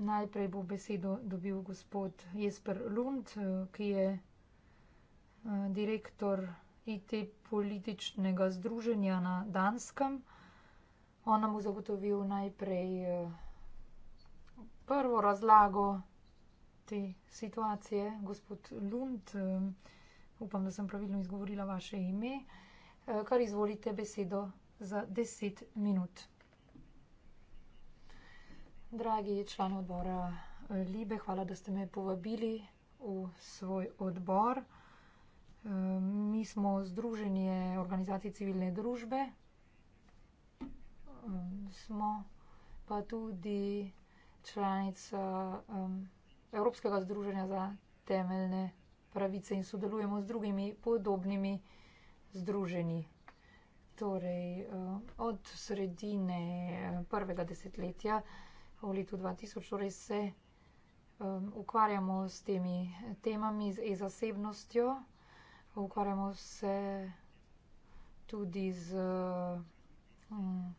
Najprej bo besedo dobil gospod Jesper Lund, eh, ki je eh, direktor IT političnega združenja na Danskem. On nam bo zagotovil najprej eh, prvo razlago te situacije. Gospod Lund, upam, da sem pravilno izgovorila vaše ime, kar izvolite besedo za deset minut. Dragi člani odbora eh, Libe, hvala, da ste me povabili v svoj odbor. Eh, mi smo Združenje organizacij civilne družbe, eh, smo pa tudi članica Evropskega združenja za temeljne pravice in sodelujemo z drugimi podobnimi združenji. Torej, od sredine prvega desetletja v letu 2000, torej se um, ukvarjamo s temi temami, z e-zasebnostjo, ukvarjamo se tudi z um,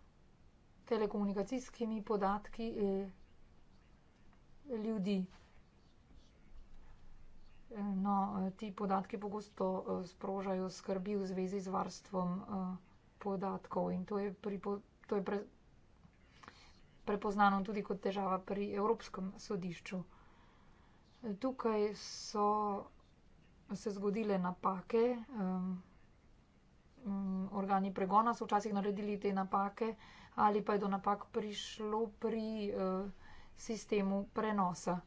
telekomunikacijskimi podatki eh, ljudi. No, ti podatki pogosto eh, sprožajo skrbi v zvezi z varstvom eh, podatkov in to je, pri, to je prepoznano tudi kot težava pri Evropskem sodišču. Tukaj so se zgodile napake, um, um, organi pregona so včasih naredili te napake ali pa je do napak prišlo pri uh, sistemu prenosa.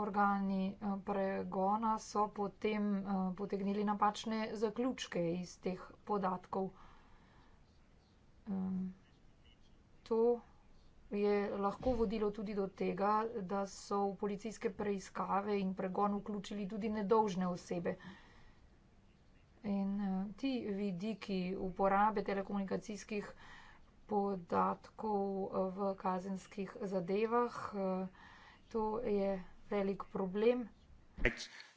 Organi uh, pregona so potem uh, potegnili napačne zaključke iz teh podatkov. Um, to je lahko vodilo tudi do tega, da so v policijske preiskave in pregon vključili tudi nedolžne osebe. In eh, ti vidiki uporabe telekomunikacijskih podatkov eh, v kazenskih zadevah, eh, to je velik problem.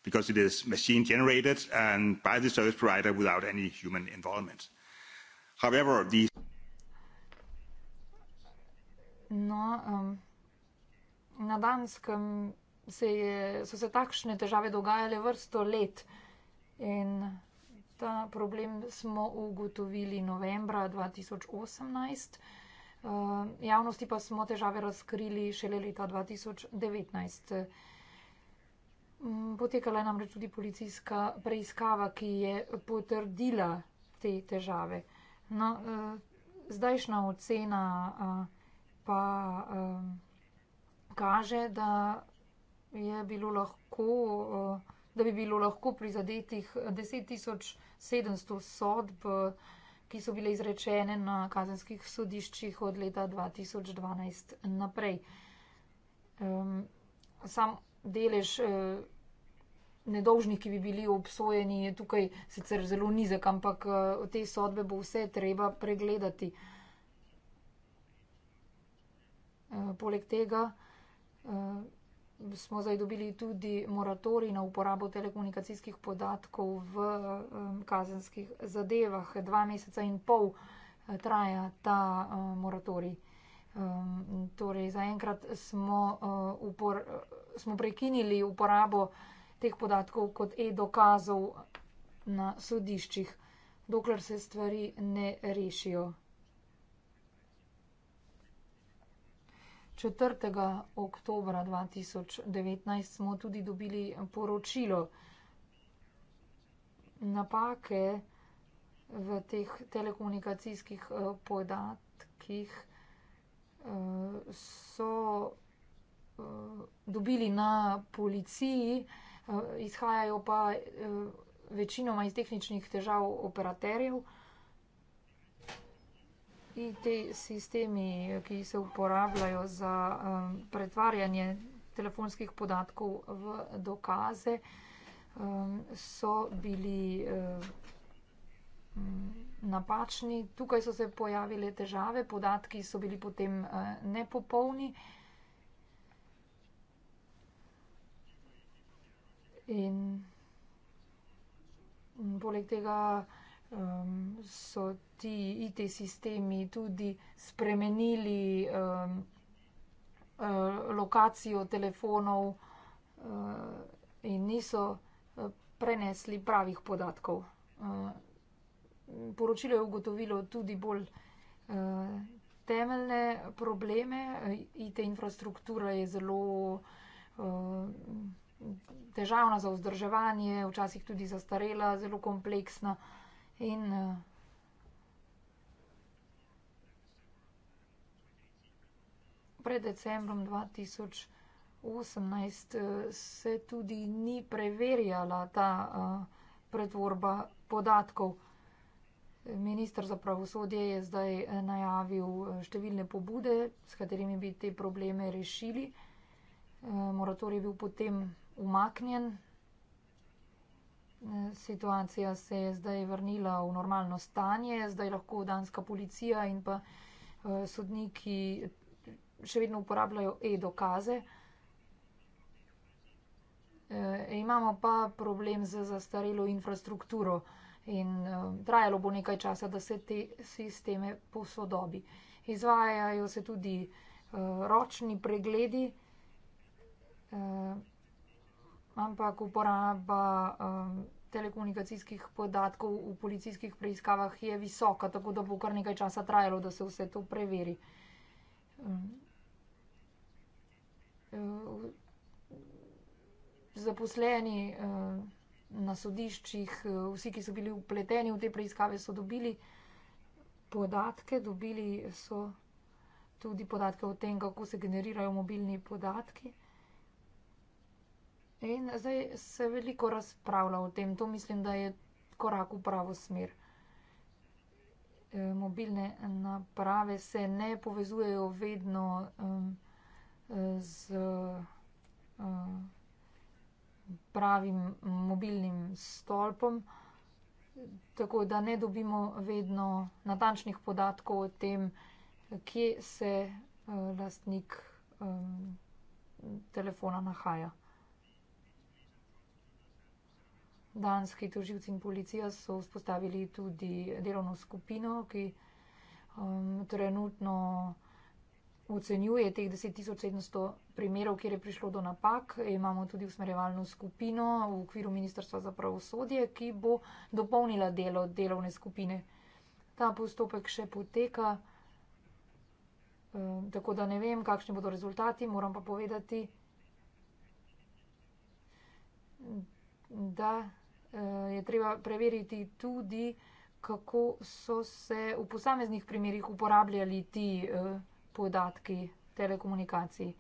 Because it is machine generated and by the service provider without any human involvement. However, these... No, um, na Danskem se je, so se takšne težave dogajale vrsto let in ta problem smo ugotovili novembra 2018. Javnosti pa smo težave razkrili šele leta 2019. Mm, potekala je namreč tudi policijska preiskava, ki je potrdila te težave. No, eh, zdajšnja ocena pa um, kaže, da, bilo lahko, uh, da bi bilo lahko prizadetih 10.700 sodb, ki so bile izrečene na kazenskih sodiščih od leta 2012 naprej. Um, sam delež. Uh, eh, Nedolžni, ki bi bili obsojeni, je tukaj sicer zelo nizek, ampak eh, te sodbe bo vse treba pregledati. Uh, Eh, poleg tega eh, smo zdaj dobili tudi moratorij na uporabo telekomunikacijskih podatkov v kazenskih zadevah. Dva meseca in pol eh, traja ta moratorij. Torej, zaenkrat smo, upor, smo prekinili uporabo teh podatkov kot e-dokazov na sodiščih, dokler se stvari ne rešijo. 4. oktobra 2019 smo tudi dobili poročilo. Napake v teh telekomunikacijskih eh, podatkih eh, so eh, dobili na policiji, izhajajo pa večinoma iz tehničnih težav operaterjev. IT sistemi, ki se uporabljajo za um, pretvarjanje telefonskih podatkov v dokaze, um, so bili um, napačni. Tukaj so se pojavile težave, podatki so bili potem uh, nepopolni. In poleg tega um, so ti IT sistemi tudi spremenili um, uh, lokacijo telefonov uh, in niso uh, prenesli pravih podatkov. Uh, poročilo je ugotovilo tudi bolj uh, temeljne probleme. IT infrastruktura je zelo uh, težavna za vzdrževanje, včasih tudi zastarela, zelo kompleksna. Uh, In eh, pred decembrom 2018 eh, se tudi ni preverjala ta eh, pretvorba podatkov. Ministr za pravosodje je zdaj najavil številne pobude, s katerimi bi te probleme rešili. Moratorij je bil potem umaknjen, situacija se je zdaj vrnila v normalno stanje, zdaj lahko danska policija in pa eh, sodniki še vedno uporabljajo e-dokaze. E, imamo pa problem z zastarelo infrastrukturo in e, trajalo bo nekaj časa, da se te sisteme posodobi. Izvajajo se tudi e, ročni pregledi. E, ampak uporaba um, telekomunikacijskih podatkov v policijskih preiskavah je visoka, tako da bo kar nekaj časa trajalo, da se vse to preveri. Um, zaposleni um, na sodiščih, vsi, ki so bili upleteni v te preiskave, so dobili podatke, dobili so tudi podatke o tem, kako se generirajo mobilni podatki. In zdaj se veliko razpravlja o tem, to mislim, da je korak v pravo smer. E, mobilne naprave se ne povezujejo vedno um, z um, pravim mobilnim stolpom, tako da ne dobimo vedno natančnih podatkov o tem, kje se uh, lastnik um, telefona nahaja. danski toživci in policija so vzpostavili tudi delovno skupino, ki um, trenutno ocenjuje teh 10.700 primerov, kjer je prišlo do napak. Imamo tudi usmerjevalno skupino v okviru Ministrstva za pravosodje, ki bo dopolnila delo delovne skupine. Ta postopek še poteka, um, tako da ne vem, kakšni bodo rezultati, moram pa povedati, da. Eh, je treba preveriti tudi, kako so se v posameznih primerjih uporabljali ti eh, podatki telekomunikacij.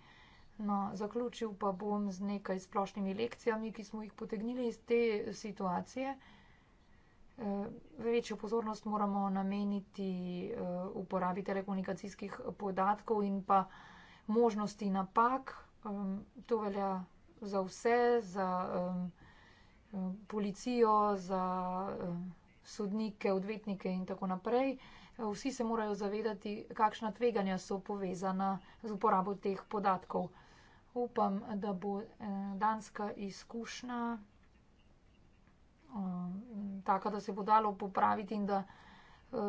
No, zaključil pa bom z nekaj splošnimi lekcijami, ki smo jih potegnili iz te eh, situacije. Večjo pozornost moramo nameniti uporabi telekomunikacijskih podatkov in pa možnosti napak. To velja za vse, za policijo, za eh, sodnike, odvetnike in tako naprej. Vsi se morajo zavedati, kakšna tveganja so povezana z uporabo teh podatkov. Upam, da bo eh, danska izkušnja eh, taka, da se bo dalo popraviti in da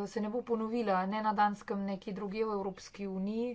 se ne bo ponovila ne na danskem, neki drugi v Evropski uniji.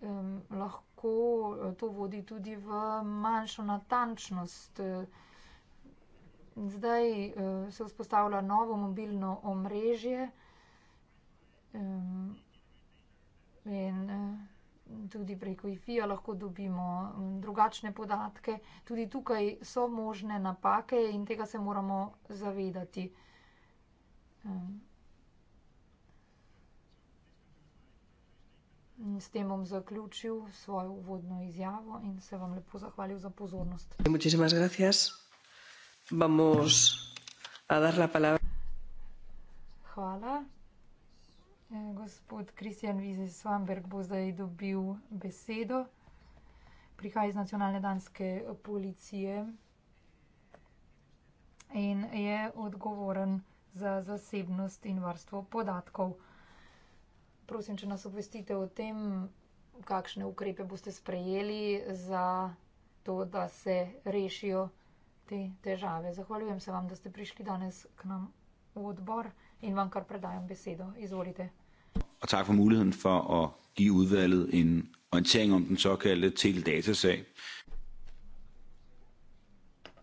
um, lahko eh, to vodi tudi v manjšo natančnost. Eh, zdaj uh, se vzpostavlja novo mobilno omrežje um, in uh, tudi preko IFI-ja lahko dobimo um, drugačne podatke. Tudi tukaj so možne napake in tega se moramo zavedati. Um, S tem bom zaključil svojo uvodno izjavo in se vam lepo zahvalil za pozornost. Hvala. Eh, gospod Kristjan Vizes Svanberg bo zdaj dobil besedo. Prihaja iz nacionalne danske policije in je odgovoren za zasebnost in varstvo podatkov prosim, če nas obvestite o tem, kakšne ukrepe boste sprejeli za to, da se rešijo te težave. Zahvaljujem se vam, da ste prišli danes k nam v odbor in vam kar predajam besedo. Izvolite. Og tak for muligheden for at give udvalget en orientering om den såkaldte teledatasag.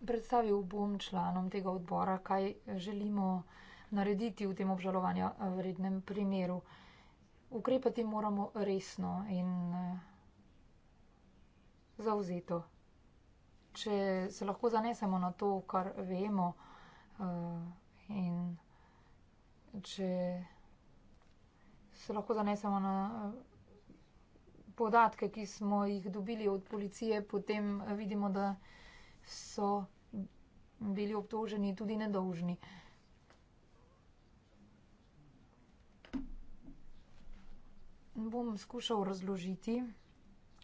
Predstavil bom članom tega odbora, kaj želimo narediti v tem obžalovanja vrednem primeru ukrepati moramo resno in eh, zauzeto. Če se lahko zanesemo na to, kar vemo eh, in če se lahko zanesemo na eh, podatke, ki smo jih dobili od policije, potem vidimo, da so bili obtoženi tudi nedolžni. bom skušal razložiti,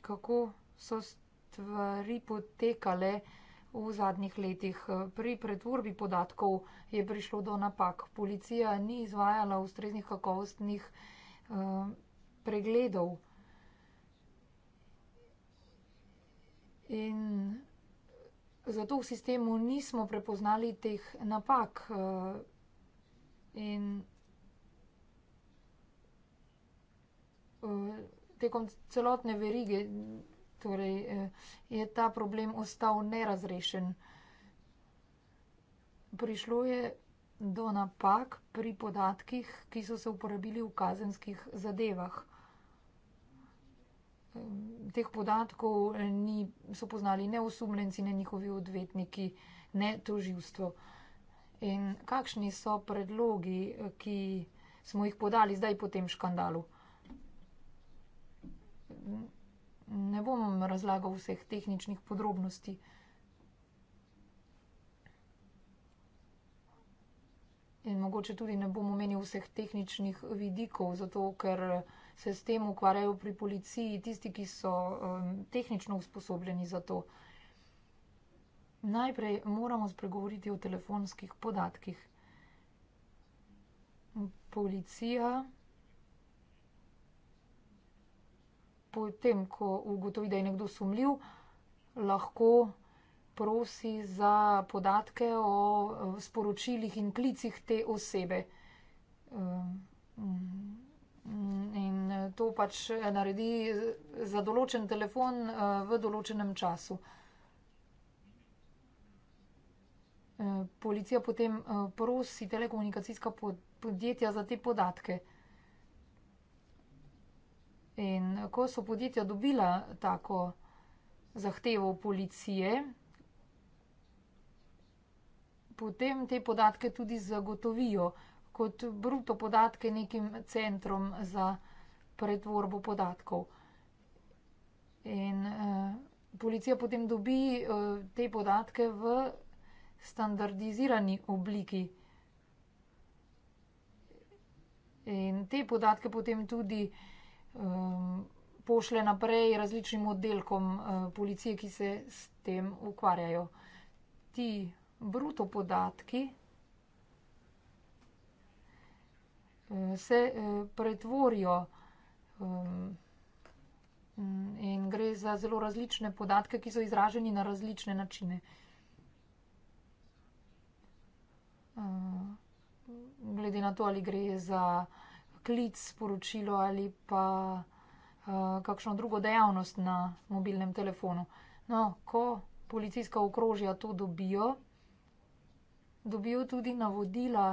kako so stvari potekale v zadnjih letih. Pri pretvorbi podatkov je prišlo do napak. Policija ni izvajala ustreznih kakovostnih eh, pregledov. In zato v sistemu nismo prepoznali teh napak. Eh, in Eh, tekom celotne verige torej, eh, je ta problem ostal nerazrešen. Prišlo je do napak pri podatkih, ki so se uporabili v kazenskih zadevah. Eh, teh podatkov ni, so poznali ne osumljenci, ne njihovi odvetniki, ne toživstvo. In kakšni so predlogi, ki smo jih podali zdaj po tem škandalu? ne bom razlagal vseh tehničnih podrobnosti. In mogoče tudi ne bom omenil vseh tehničnih vidikov, zato ker se s tem ukvarjajo pri policiji tisti, ki so um, tehnično usposobljeni za to. Najprej moramo spregovoriti o telefonskih podatkih. Policija. potem, ko ugotovi, da je nekdo sumljiv, lahko prosi za podatke o eh, sporočilih in klicih te osebe. Eh, mm, mm, in to pač eh, naredi za določen telefon v določenem času. Policija potem prosi telekomunikacijska podjetja za te podatke. In ko so podjetja dobila tako zahtevo policije, potem te podatke tudi zagotovijo kot bruto podatke nekim centrom za pretvorbo podatkov. In eh, policija potem dobi eh, te podatke v standardizirani obliki. In te podatke potem tudi eh, um, pošle naprej različnim oddelkom uh, policije, ki se s tem ukvarjajo. Ti bruto podatki uh, se uh, pretvorijo um, in gre za zelo različne podatke, ki so izraženi na različne načine. Uh, glede na to, ali gre za klic, sporočilo ali pa uh, kakšno drugo dejavnost na mobilnem telefonu. No, ko policijska okrožja to dobijo, dobijo tudi navodila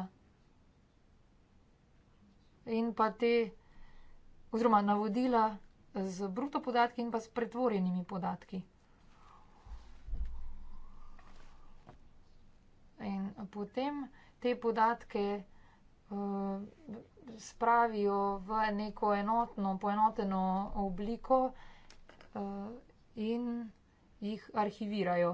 in pa te, oziroma navodila z bruto podatki in pa s pretvorjenimi podatki. In potem te podatke uh, spravijo v neko enotno, poenoteno obliko eh, in jih arhivirajo.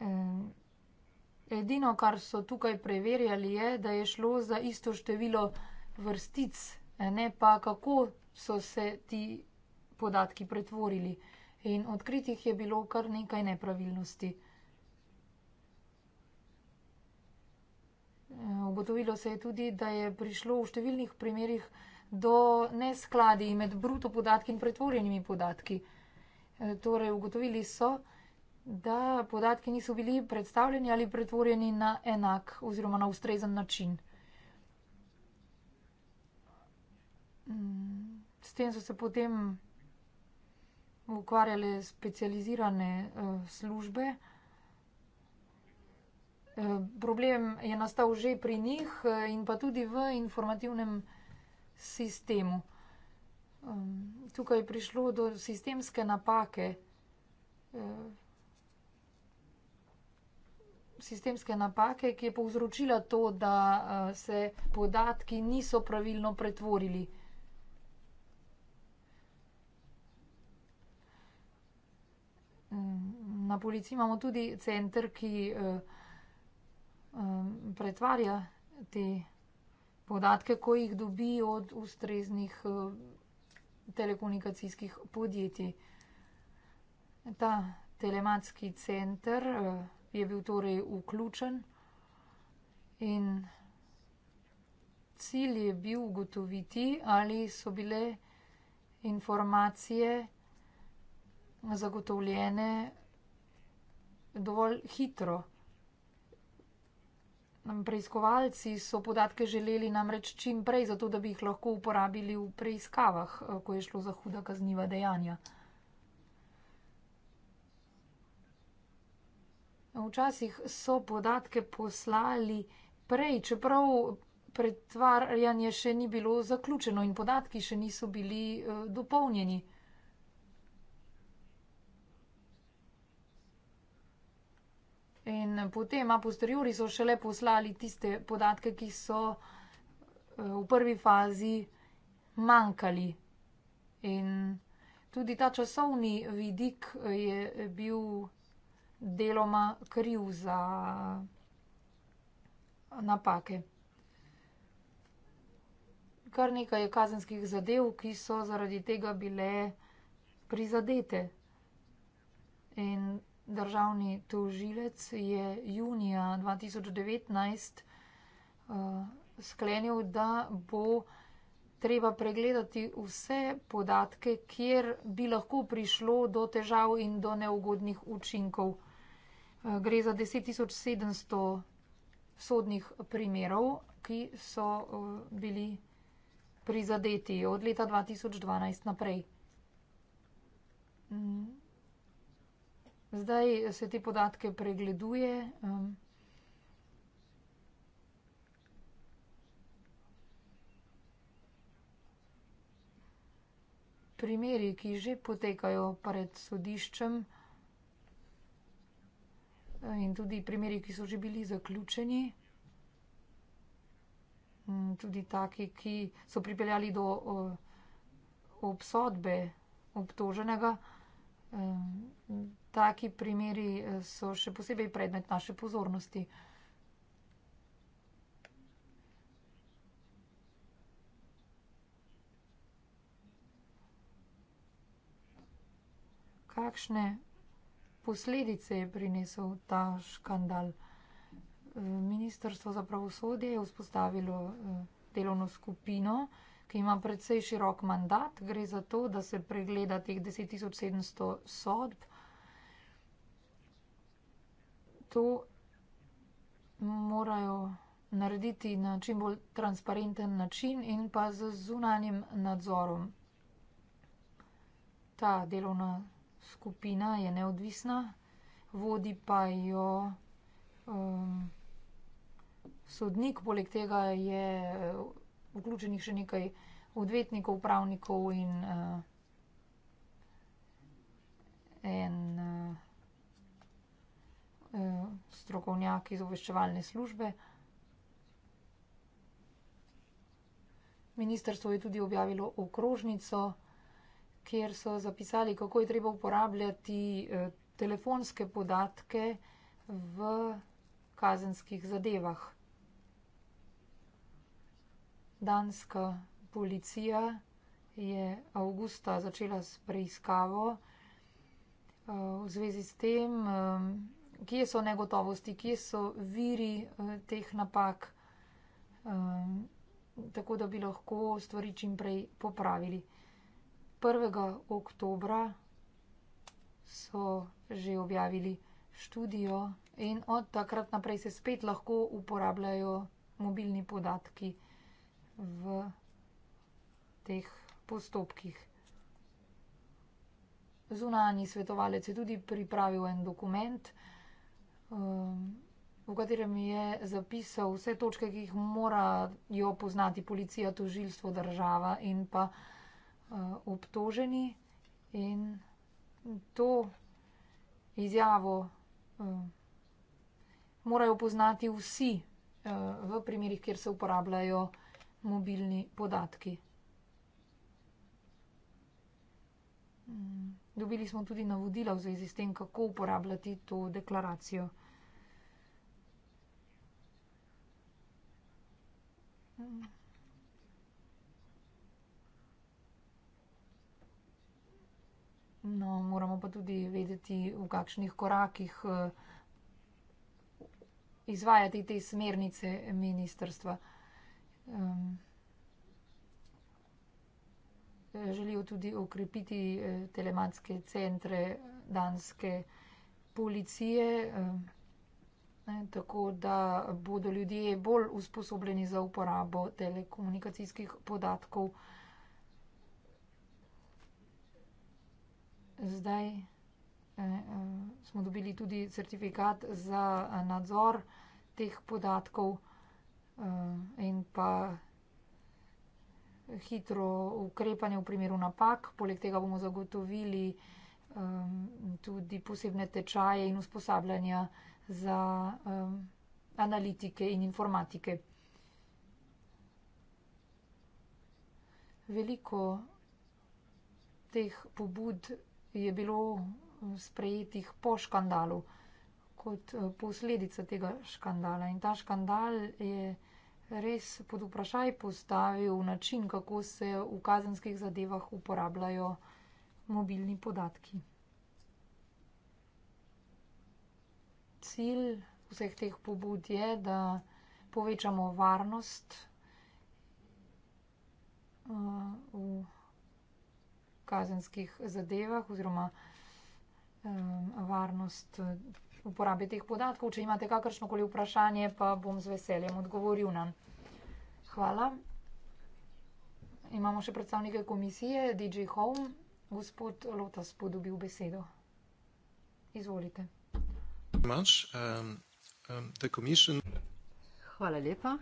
Eh, edino, kar so tukaj preverjali, je, da je šlo za isto število vrstic, eh, ne pa kako so se ti podatki pretvorili. In odkritih je bilo kar nekaj nepravilnosti. Ugotovilo se je tudi, da je prišlo v številnih primerjih do neskladij med bruto podatki in pretvorjenimi podatki. E, torej, ugotovili so, da podatki niso bili predstavljeni ali pretvorjeni na enak oziroma na ustrezen način. Mm, s tem so se potem ukvarjale specializirane e, službe problem je nastal že pri njih eh, in pa tudi v informativnem sistemu. Um, tukaj je prišlo do sistemske napake. Eh, sistemske napake, ki je povzročila to, da eh, se podatki niso pravilno pretvorili. Mm, na policiji imamo tudi center, ki uh, um, pretvarja te podatke, ko jih dobi od ustreznih um, telekomunikacijskih podjetij. Ta telematski center uh, je bil torej vključen in cilj je bil ugotoviti, ali so bile informacije zagotovljene dovolj hitro. Preiskovalci so podatke želeli namreč čim prej, zato da bi jih lahko uporabili v preiskavah, eh, ko je šlo za huda kazniva dejanja. Včasih so podatke poslali prej, čeprav pretvarjanje še ni bilo zaključeno in podatki še niso bili eh, dopolnjeni. In potem, a posteriori, so šele poslali tiste podatke, ki so eh, v prvi fazi manjkali. In tudi ta časovni vidik eh, je bil deloma kriv za napake. Kar nekaj je kazenskih zadev, ki so zaradi tega bile prizadete. In državni tožilec je junija 2019 eh, sklenil, da bo treba pregledati vse podatke, kjer bi lahko prišlo do težav in do neugodnih učinkov. Eh, gre za 10.700 sodnih primerov, ki so eh, bili prizadeti od leta 2012 naprej. Mm, Zdaj se te podatke pregleduje. Um, Primeri, ki že potekajo pred sodiščem eh, in tudi primeri, ki so že bili zaključeni, mm, tudi taki, ki so pripeljali do eh, obsodbe obtoženega, eh, taki primeri eh, so še posebej predmet naše pozornosti. Kakšne posledice je prinesel ta škandal? Eh, Ministrstvo za pravosodje je vzpostavilo eh, delovno skupino, ki ima predvsej širok mandat. Gre za to, da se pregleda teh 10.700 sodb to morajo narediti na čim bolj transparenten način in pa z zunanjim nadzorom. Ta delovna skupina je neodvisna, vodi pa jo um, sodnik, poleg tega je uh, vključenih še nekaj odvetnikov, pravnikov in uh, en. Uh, Eh, strokovnjaki iz obveščevalne službe. Ministrstvo je tudi objavilo okrožnico, kjer so zapisali, kako je treba uporabljati eh, telefonske podatke v kazenskih zadevah. Danska policija je avgusta začela s preiskavo eh, v zvezi s tem kje so negotovosti, kje so viri eh, teh napak, eh, tako da bi lahko stvari čim prej popravili. 1. oktobra so že objavili študijo in od takrat naprej se spet lahko uporabljajo mobilni podatki v teh postopkih. Zunani svetovalec je tudi pripravil en dokument, um, v katerem je zapisal vse točke, ki jih morajo poznati policija, tožilstvo, država in pa uh, obtoženi. In to izjavo uh, morajo poznati vsi uh, v primerih, kjer se uporabljajo mobilni podatki. Mm. Dobili smo tudi navodila v zvezi s tem, kako uporabljati to deklaracijo. No, moramo pa tudi vedeti, v kakšnih korakih eh, izvajati te smernice ministrstva. Um, želijo tudi okrepiti eh, telematske centre danske policije, eh, tako da bodo ljudje bolj usposobljeni za uporabo telekomunikacijskih podatkov. Zdaj eh, smo dobili tudi certifikat za nadzor teh podatkov in pa hitro ukrepanje v primeru napak. Poleg tega bomo zagotovili um, tudi posebne tečaje in usposabljanja za um, analitike in informatike. Veliko teh pobud je bilo sprejetih po škandalu, kot eh, posledica tega škandala. In ta škandal je res pod vprašaj postavil način, kako se v kazenskih zadevah uporabljajo mobilni podatki. Cilj vseh teh pobud je, da povečamo varnost eh, v kazenskih zadevah oziroma eh, varnost uporabe teh podatkov. Če imate kakršnokoli vprašanje, pa bom z veseljem odgovoril nam. Hvala. Imamo še predstavnike komisije, DJ Home. Gospod Lotas bo dobil besedo. Izvolite. Um, um, Hvala lepa.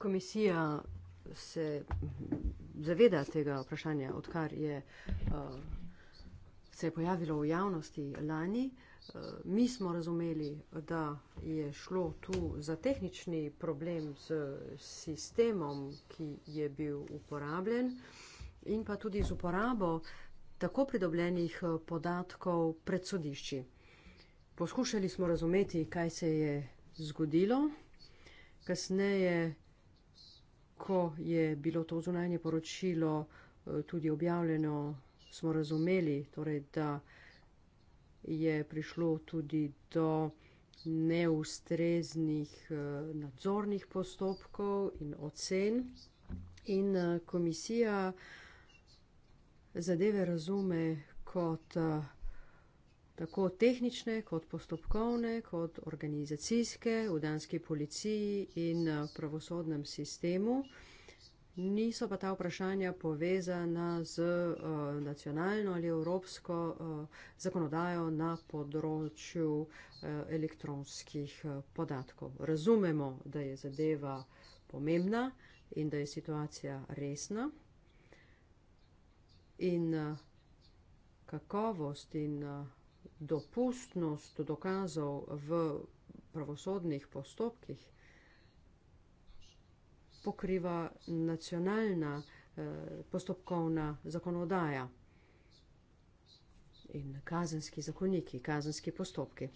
Komisija se zaveda tega vprašanja, odkar je uh, se je pojavilo v javnosti lani. Eh, mi smo razumeli, da je šlo tu za tehnični problem z sistemom, ki je bil uporabljen in pa tudi z uporabo tako pridobljenih eh, podatkov pred sodišči. Poskušali smo razumeti, kaj se je zgodilo. Kasneje, ko je bilo to zunanje poročilo eh, tudi objavljeno smo razumeli, torej, da je prišlo tudi do neustreznih eh, nadzornih postopkov in ocen. In eh, komisija zadeve razume kot eh, tako tehnične, kot postopkovne, kot organizacijske v danski policiji in pravosodnem sistemu. Niso pa ta vprašanja povezana z uh, nacionalno ali evropsko uh, zakonodajo na področju uh, elektronskih uh, podatkov. Razumemo, da je zadeva pomembna in da je situacija resna in uh, kakovost in uh, dopustnost dokazov v pravosodnih postopkih pokriva nacionalna eh, postopkovna zakonodaja in kazenski zakoniki, kazenski postopki.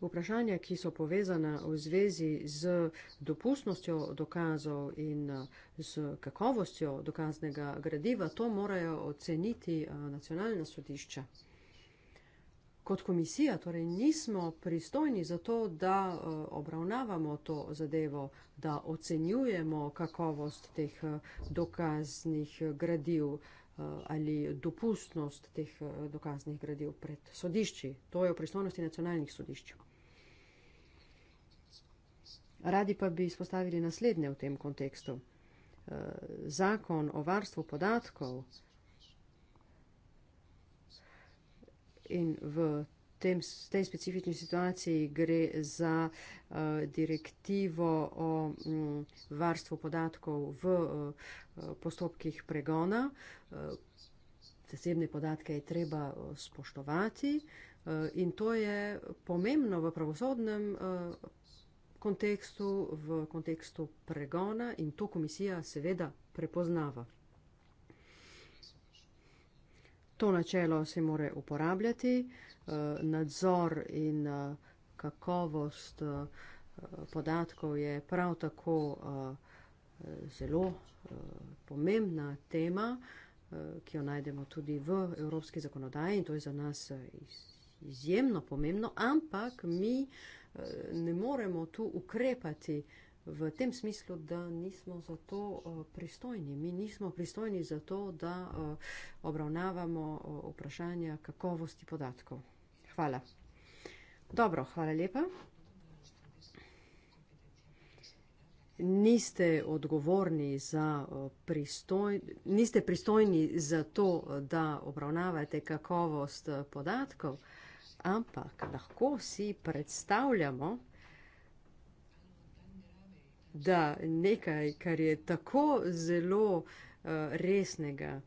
Vprašanja, ki so povezana v zvezi z dopustnostjo dokazov in eh, z kakovostjo dokaznega gradiva, to morajo oceniti eh, nacionalna sodišča kot komisija, torej nismo pristojni za to, da e, obravnavamo to zadevo, da ocenjujemo kakovost teh e, dokaznih e, gradiv ali dopustnost teh dokaznih gradiv pred sodišči. To je v pristojnosti nacionalnih sodišč. Radi pa bi izpostavili naslednje v tem kontekstu. Zakon o varstvu podatkov in v tem, tej specifični situaciji gre za uh, direktivo o m, mm, varstvu podatkov v uh, postopkih pregona. Eh, zasebne uh, podatke je treba uh, spoštovati uh, in to je pomembno v pravosodnem. Uh, kontekstu, v kontekstu pregona in to komisija seveda prepoznava. To načelo se more uporabljati, eh, nadzor in eh, kakovost eh, podatkov je prav tako zelo pomembna tema, ki jo najdemo tudi v evropski zakonodaji in to je za nas izjemno pomembno, ampak mi ne moremo tu ukrepati v tem smislu, da nismo za to eh, pristojni. Mi nismo pristojni za to, da eh, obravnavamo eh, vprašanja kakovosti podatkov. Hvala. Dobro, hvala lepa. Niste odgovorni za pristoj, niste pristojni za to, da obravnavate kakovost podatkov, ampak lahko si predstavljamo, da nekaj, kar je tako zelo uh, resnega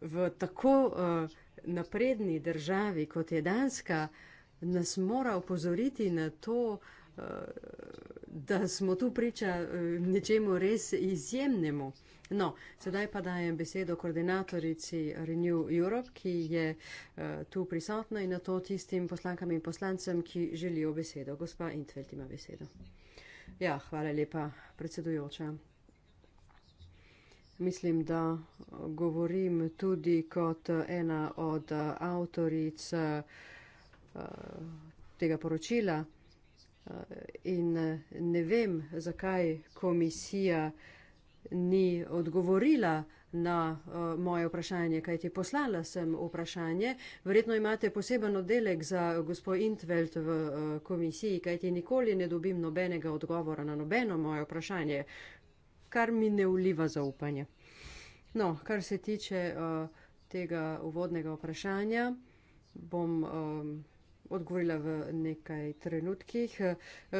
v tako uh, napredni državi, kot je Danska, nas mora upozoriti na to, uh, da smo tu priča uh, nečemu res izjemnemu. No, sedaj pa dajem besedo koordinatorici Renew Europe, ki je uh, tu prisotna in na to tistim poslankam in poslancem, ki želijo besedo. Gospa Intvelt ima besedo. Ja, hvala lepa, predsedujoča. Mislim, da govorim tudi kot ena od avtoric eh, tega poročila eh, in ne vem, zakaj komisija ni odgovorila na uh, moje vprašanje, kajti poslala sem vprašanje. Verjetno imate poseben oddelek za eh, gospod Intveld v uh, komisiji, kajti nikoli ne dobim nobenega odgovora na nobeno moje vprašanje, kar mi ne uliva zaupanje. No, kar se tiče uh, tega uvodnega vprašanja, bom. Um, odgovorila v nekaj trenutkih.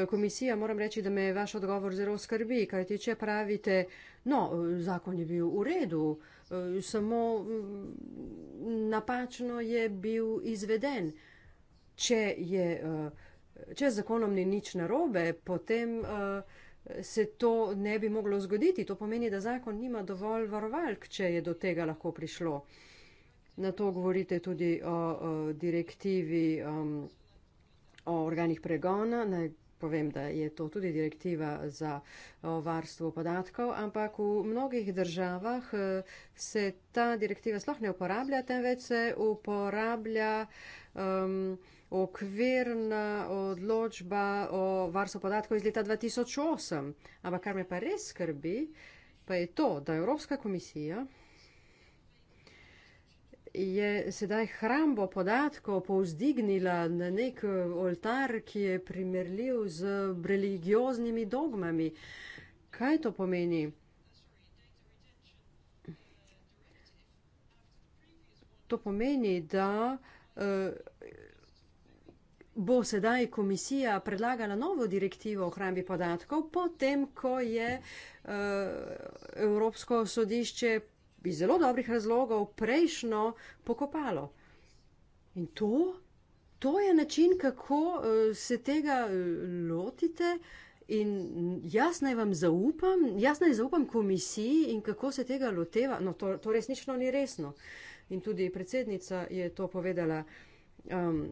Komisija, moram reči, da me je vaš odgovor zelo skrbi, kajti če pravite, uh, No, zakon je bil v redu, eh, samo mm, napačno je bil izveden. Če, je, eh, če zakonom ni nič narobe, potem eh, se to ne bi moglo zgoditi. To pomeni, da zakon nima dovolj varovalk, če je do tega lahko prišlo. Na to govorite tudi o, o direktivi o, um, o organih pregona, naj povem, da je to tudi direktiva za varstvo podatkov, ampak v mnogih državah e, se ta direktiva sploh ne uporablja, temveč se uporablja um, okvirna odločba o varstvu podatkov iz leta 2008. Ampak kar me pa res skrbi, pa je to, da Evropska komisija je sedaj hrambo podatkov povzdignila na nek eh, oltar, ki je primerljiv z religioznimi dogmami. Kaj to pomeni? To pomeni, da uh, bo sedaj komisija predlagala novo direktivo o hrambi podatkov, potem, ko je uh, Evropsko sodišče iz zelo dobrih razlogov prejšnjo pokopalo. In to, to je način, kako eh, se tega eh, lotite. In jaz naj vam zaupam, jaz naj zaupam komisiji in kako se tega loteva. No, to, to resnično ni resno. In tudi predsednica je to povedala. Um,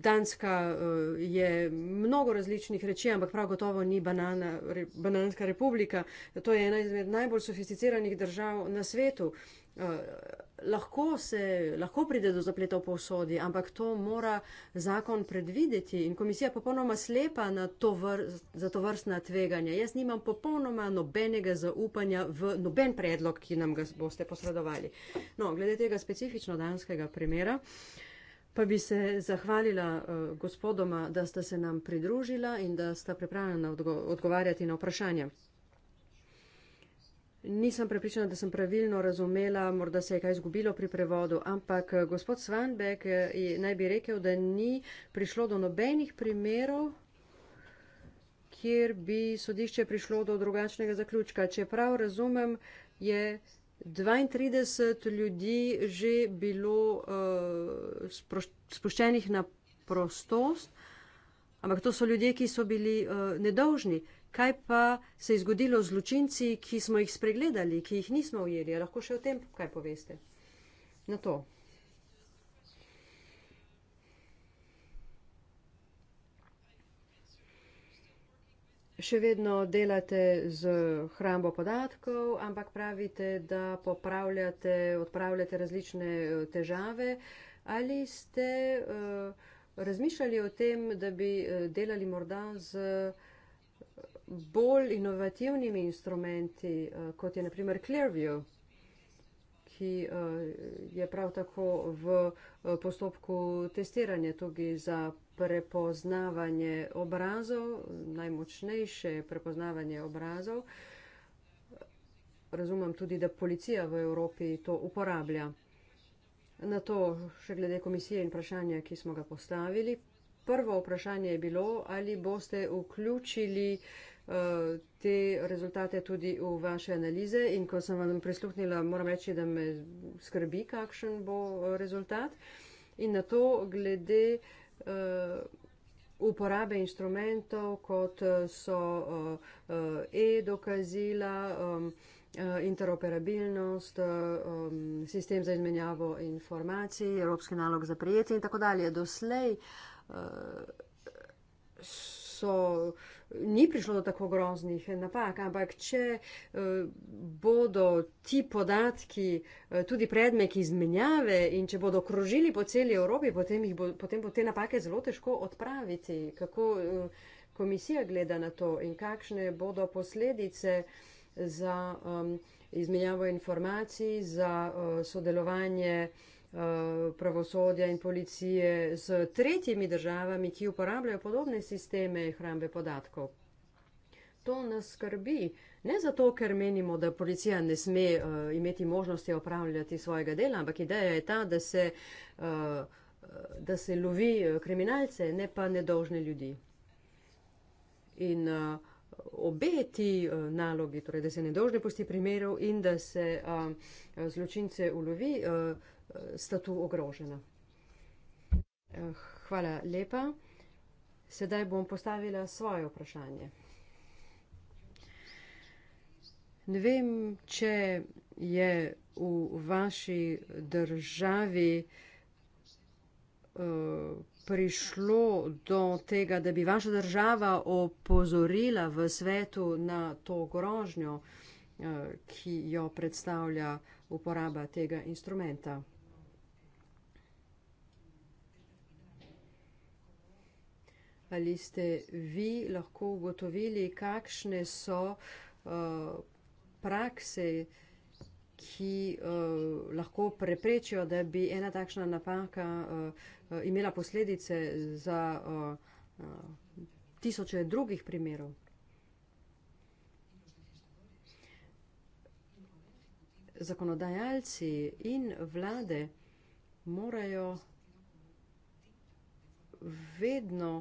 Danska uh, je mnogo različnih reči, ampak prav gotovo ni banana, re, bananska republika. To je ena izmed najbolj sofisticiranih držav na svetu. Uh, lahko, se, lahko pride do zapletov povsodi, ampak to mora zakon predvideti in komisija popolnoma slepa to vr, za to vrstna tveganja. Jaz nimam popolnoma nobenega zaupanja v noben predlog, ki nam ga boste posredovali. No, glede tega specifično danskega primera. Uh, Pa bi se zahvalila uh, gospodoma, da sta se nam pridružila in da sta pripravljena odgo odgovarjati na vprašanje. Nisem prepričana, da sem pravilno razumela, morda se je kaj izgubilo pri prevodu, ampak eh, gospod Svanbek eh, naj bi rekel, da ni prišlo do nobenih primerov, kjer bi sodišče prišlo do drugačnega zaključka. Če prav razumem, je 32 ljudi že bilo uh, sproščenih na prostost, ampak to so ljudje, ki so bili uh, nedolžni. Kaj pa se je zgodilo z ločinci, ki smo jih spregledali, ki jih nismo ujeli? Lahko še o tem kaj poveste? Na to. še vedno delate z hrambo podatkov, ampak pravite, da popravljate, odpravljate različne eh, težave. Ali ste eh, razmišljali o tem, da bi eh, delali morda z bolj inovativnimi instrumenti, kot je naprimer Clearview? ki eh, je prav tako v eh, postopku testiranja tudi za prepoznavanje obrazov, najmočnejše prepoznavanje obrazov. Razumem tudi, da policija v Evropi to uporablja. Na to še glede komisije in vprašanja, ki smo ga postavili. Prvo vprašanje je bilo, ali boste vključili Eh, te rezultate tudi v vaše analize in ko sem vam prisluhnila, moram reči, da me skrbi, kakšen bo eh, rezultat. In na to glede eh, uporabe inštrumentov, kot so e-dokazila, um, interoperabilnost, um, sistem za izmenjavo informacij, evropski nalog za prijetje in tako dalje. Doslej so ni prišlo do tako groznih napak, ampak če eh, bodo ti podatki eh, tudi predmet izmenjave in če bodo krožili po celi Evropi, potem, bo, potem bo te napake zelo težko odpraviti. Kako eh, komisija gleda na to in kakšne bodo posledice za um, izmenjavo informacij, za uh, sodelovanje uh, Eh, pravosodja in policije z tretjimi državami, ki uporabljajo podobne sisteme hrambe podatkov. To nas skrbi. Ne zato, ker menimo, da policija ne sme uh, imeti možnosti opravljati svojega dela, ampak ideja je ta, da se, uh, da se lovi kriminalce, ne pa nedožne ljudi. In uh, obe ti uh, nalogi, torej da se nedožne pusti primerov in da se uh, zločince ulovi, uh, Eh, sta tu ogrožena. Eh, hvala lepa. Sedaj bom postavila svoje vprašanje. Ne vem, če je v vaši državi eh, prišlo do tega, da bi vaša država opozorila v svetu na to grožnjo, ki jo predstavlja uporaba tega instrumenta. ali ste vi lahko ugotovili, kakšne so uh, prakse, ki uh, lahko preprečijo, da bi ena takšna napaka uh, uh imela posledice za uh, uh, tisoče drugih primerov. Zakonodajalci in vlade morajo vedno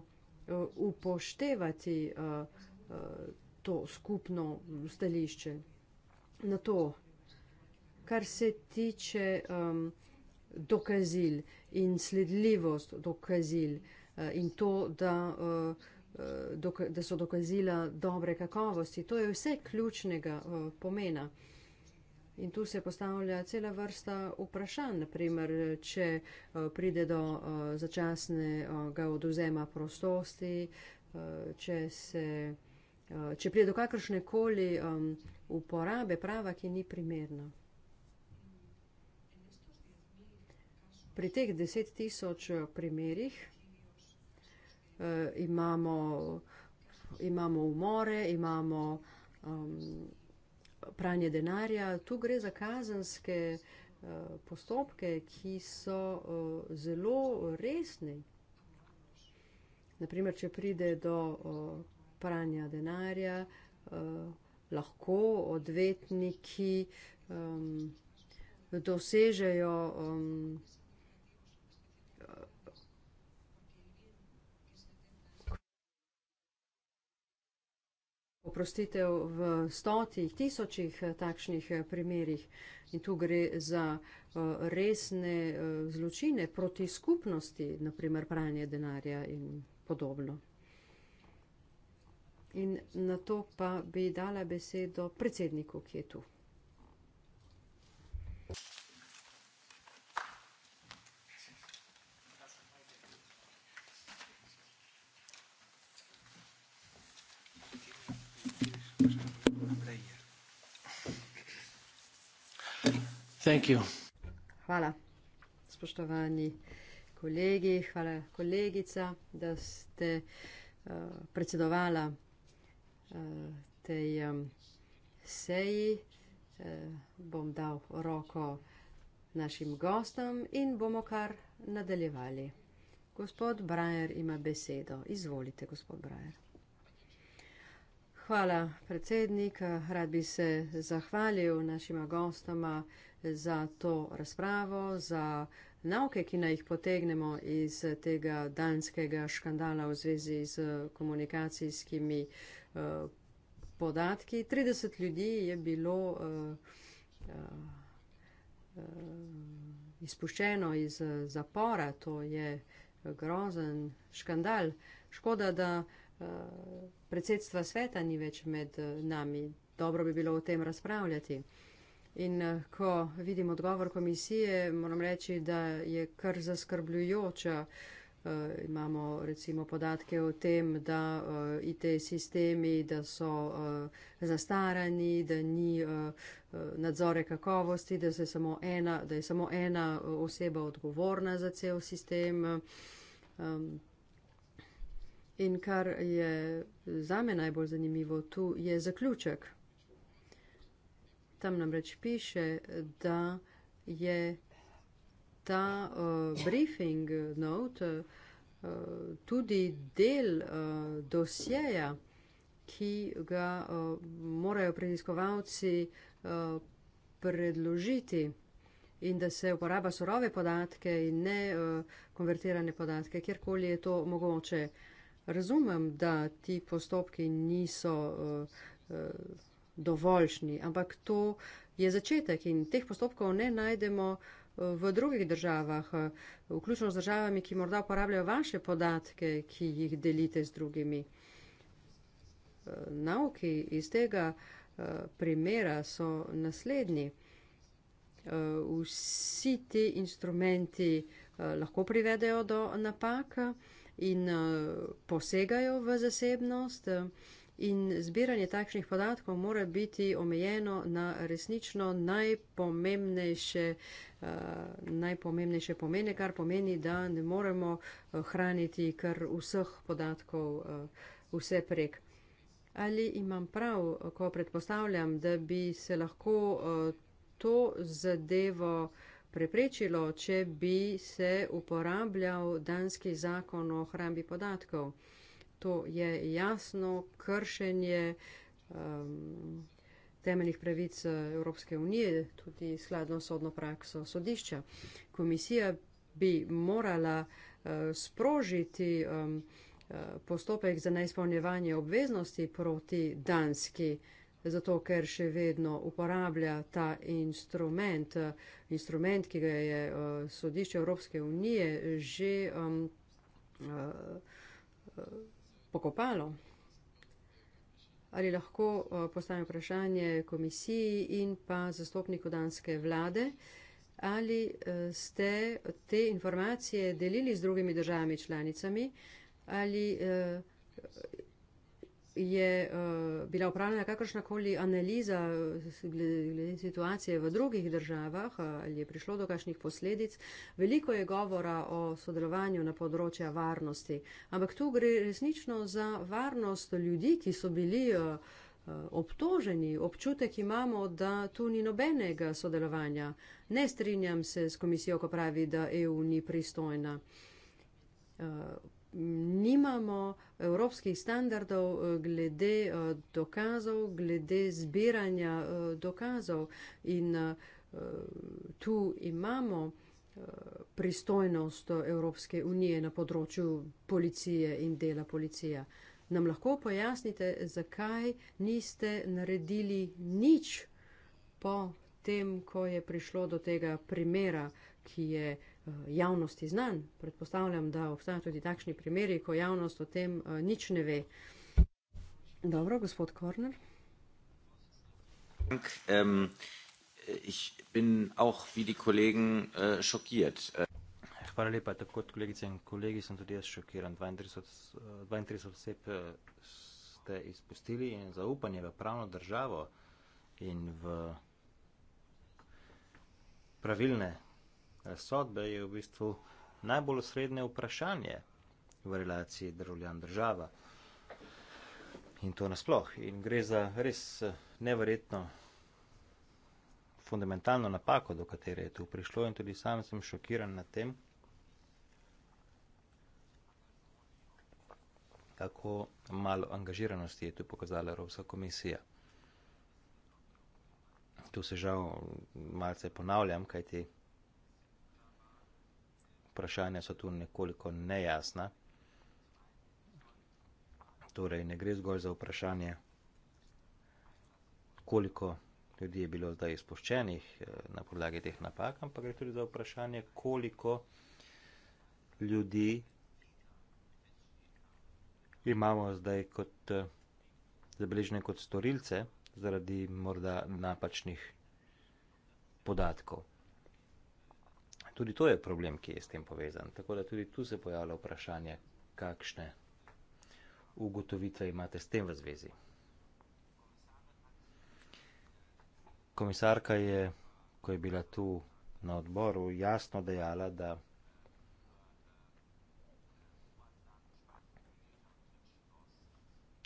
Eh, upoštevati eh, eh, to skupno stališče. Na to, kar se tiče dokazil in sledljivost dokazil in to, da, da so dokazila dobre kakovosti, to je vse ključnega pomena. In tu se postavlja cela vrsta vprašanj, naprimer, eh, eh, eh, če pride do začasnega oduzema prostosti, če, se, če pride do kakršne koli uporabe prava, ki ni primerna. Pri teh deset tisoč primerjih imamo, imamo umore, imamo. Um, pranje denarja, tu gre za kazenske eh, postopke, ki so eh, zelo resni. Naprimer, če pride do eh, pranja denarja, lahko odvetniki ehm, dosežejo ehm, oprostite, v stotih, tisočih eh, takšnih eh, primerjih. In tu gre za eh, resne zločine proti skupnosti, naprimer pranje denarja in podobno. In na to pa bi dala besedo predsedniku, ki je tu. Hvala, spoštovani kolegi, hvala kolegica, da ste uh, predsedovala uh, tej um, seji. Uh, bom dal roko našim gostom in bomo kar nadaljevali. Gospod Brajer ima besedo. Izvolite, gospod Brajer. Hvala, predsednik. Rad bi se zahvalil našima gostoma za to razpravo, za nauke, ki naj jih potegnemo iz tega danskega škandala v zvezi z komunikacijskimi uh, podatki. 30 ljudi je bilo uh, uh, izpuščeno iz zapora. To je grozen škandal. Škoda, da. Uh, predsedstva sveta ni več med eh, nami. Dobro bi bilo o tem razpravljati. In eh, ko vidim odgovor komisije, moram reči, da je kar zaskrbljujoča. Eh, imamo recimo podatke o tem, da uh, IT sistemi, da so uh, zastarani, da ni uh, nadzore kakovosti, da, samo ena, da je samo ena oseba odgovorna za cel sistem. Um, In kar je za me najbolj zanimivo, tu je zaključek. Tam namreč piše, da je ta uh, briefing note uh, tudi del uh, dosjeja, ki ga uh, morajo preiskovalci uh, predložiti in da se uporaba surove podatke in ne uh, konvertirane podatke, kjerkoli je to mogoče. Uh, razumem, da ti postopki niso eh, eh, dovoljšni, ampak to je začetek in teh postopkov ne najdemo eh, v drugih državah, vključno z državami, ki morda uporabljajo vaše podatke, ki jih delite z drugimi. Nauki iz tega primera so naslednji. Vsi ti instrumenti lahko privedejo do napaka in eh, posegajo v zasebnost. Eh, in zbiranje takšnih podatkov mora biti omejeno na resnično najpomembnejše, uh, najpomembnejše pomene, kar pomeni, da ne moremo hraniti kar vseh podatkov uh, vse prek. Ali imam prav, ko predpostavljam, da bi se lahko uh, to zadevo uh, preprečilo, če bi se uporabljal danski zakon o hrambi podatkov. To je jasno kršenje um, temeljnih pravic eh, Evropske unije, tudi skladno sodno prakso sodišča. Komisija bi morala uh, sprožiti um, uh, postopek za neizpolnjevanje obveznosti proti danski zato ker še vedno uporablja ta instrument, instrument, ki ga je eh, sodišče Evropske unije že um, eh, pokopalo. Ali lahko eh, postavim vprašanje komisiji in pa zastopniku danske vlade, ali ste te informacije delili z drugimi državami članicami ali je uh, bila upravljena kakršnakoli analiza eh, glede situacije v drugih državah eh, ali je prišlo do kakšnih posledic. Veliko je govora o sodelovanju na področja varnosti, ampak tu gre resnično za varnost ljudi, ki so bili uh, obtoženi, občutek imamo, da tu ni nobenega sodelovanja. Ne strinjam se s komisijo, ko pravi, da EU ni pristojna. Uh, nimamo evropskih standardov eh, glede eh, dokazov, glede zbiranja eh, dokazov in tu imamo pristojnost Evropske unije na področju policije in dela policija. Nam lahko pojasnite, zakaj niste naredili nič po tem, ko je prišlo do tega primera, ki je Eh, javnosti znan. Predpostavljam, da obstajajo tudi takšni primeri, ko javnost o tem eh, nič ne ve. Dobro, gospod Korner. Um, ich bin auch wie die Kollegen äh, schockiert. Hvala lepa, tako kot kolegice in kolegi sem tudi jaz šokiran. 32 oseb ste izpustili in zaupanje v pravno državo in v pravilne sodbe, je v bistvu najbolj osrednje vprašanje v relaciji državljan-država. In to nasploh. In gre za res eh, neverjetno fundamentalno napako, do katere je tu prišlo in tudi sam sem šokiran na tem, kako malo angažiranosti je tu pokazala Evropska komisija. Tu se žal malce ponavljam, kajti ti vprašanja so tu nekoliko nejasna. Torej, ne gre zgolj za vprašanje, koliko ljudi je bilo zdaj izpuščenih eh, na podlagi teh napak, ampak gre tudi za vprašanje, koliko ljudi imamo zdaj kot eh, zabeležene kot storilce zaradi morda napačnih podatkov tudi to je problem, ki je s tem povezan. Tako da tudi tu se pojavlja vprašanje, kakšne ugotovitve imate s tem v zvezi. Komisarka je, ko je bila tu na odboru, jasno dejala, da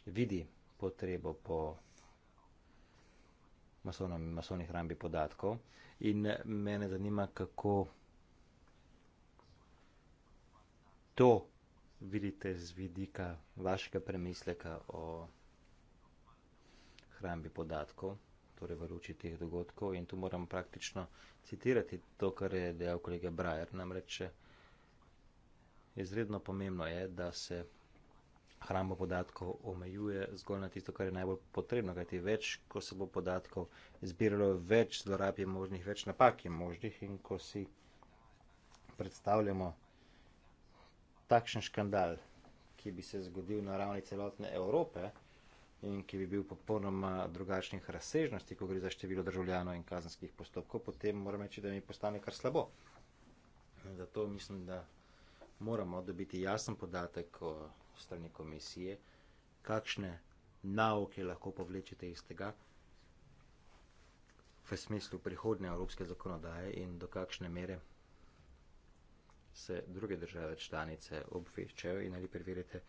vidi potrebo po masonih hrambi podatkov in mene zanima, kako to vidite z vidika vašega premisleka o hrambi podatkov, torej v luči teh dogodkov. In tu moram praktično citirati to, kar je dejal kolega Brajer. Namreč izredno pomembno je, da se hrambo podatkov omejuje zgolj na tisto, kar je najbolj potrebno, kajti več, ko se bo podatkov zbiralo, več zlorab je možnih, več napak je možnih in ko si predstavljamo, takšen škandal, ki bi se zgodil na ravni celotne Evrope in ki bi bil popolnoma drugačnih razsežnosti, ko gre za število državljanov in kazenskih postopkov, potem moram reči, da mi postane kar slabo. Zato mislim, da moramo dobiti jasen podatek strani komisije, kakšne nauke lahko povlečete iz tega v smislu prihodnje evropske zakonodaje in do kakšne mere se druge države članice obveščajo in ali preverite,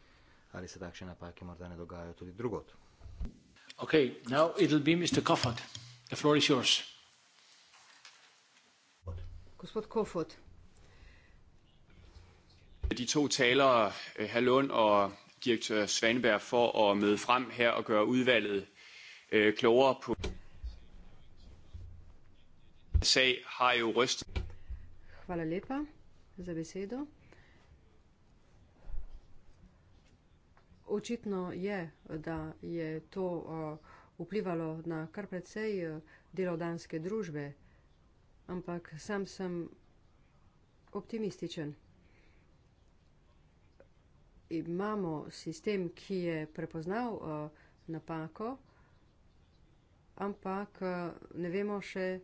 ali se takšne napake morda ne dogajajo tudi drugot. Okay, now it'll be Mr. Koffert. The floor is yours. Gospod Koffert. De to talere, eh, herr Lund og direktør Svaneberg, for at møde frem her og gøre udvalget øh, klogere på sag, har jo rystet. Hvala lepa za besedo. Očitno je, da je to vplivalo na kar precej delovdanske družbe, ampak sam sem optimističen. Imamo sistem, ki je prepoznal napako, ampak ne vemo še,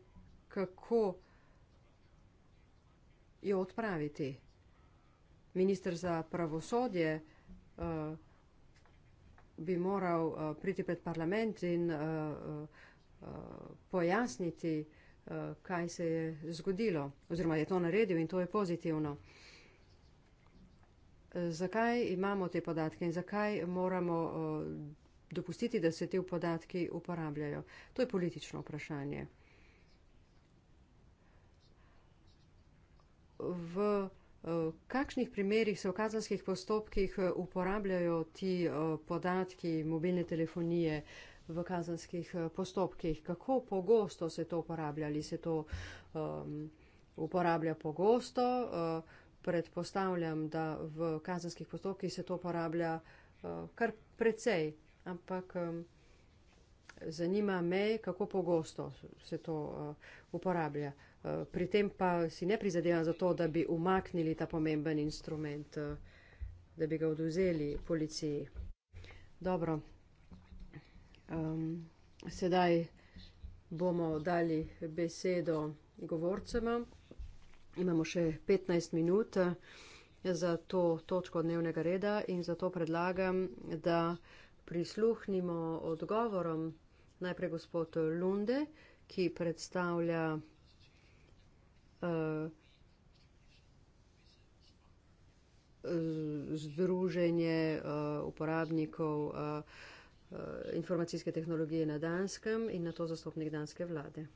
kako jo odpraviti. Ministr za pravosodje uh, bi moral uh, priti pred parlament in uh, uh, pojasniti, uh, kaj se je zgodilo, oziroma je to naredil in to je pozitivno. Zakaj imamo te podatke in zakaj moramo uh, dopustiti, da se te podatki uporabljajo? To je politično vprašanje. v eh, kakšnih primerjih se v kazanskih postopkih eh, uporabljajo ti eh, podatki mobilne telefonije v kazanskih postopkih? Kako pogosto se to uporablja? Ali se to um, uporablja pogosto? Predpostavljam, da v kazanskih postopkih se to uporablja kar precej, ampak. Ehm, zanima me, kako pogosto se to uh, uporablja. Uh, pri tem pa si ne prizadeva za to, da bi umaknili ta pomemben instrument, eh, da bi ga oduzeli policiji. Dobro, um, sedaj bomo dali besedo govorcema. Imamo še 15 minut eh, za to točko dnevnega reda in zato predlagam, da prisluhnimo odgovorom najprej gospod Lunde, ki predstavlja Eh, združenje eh, uporabnikov eh, informacijske tehnologije na Danskem in na to zastopnik Danske vlade.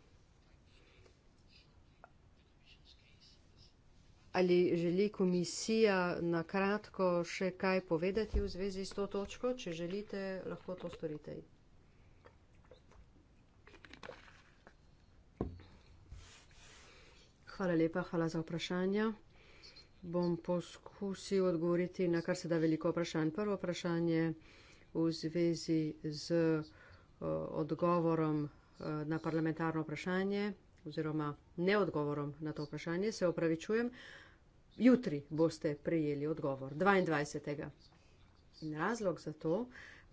Ali želi komisija na kratko še kaj povedati v zvezi s to točko? Če želite, lahko to storite. Hvala lepa, hvala za vprašanja. Bom poskusil odgovoriti na kar se da veliko vprašanj. Prvo vprašanje v zvezi z eh, odgovorom eh, na parlamentarno vprašanje oziroma neodgovorom na to vprašanje, se opravičujem. Jutri boste prejeli odgovor, 22. In razlog za to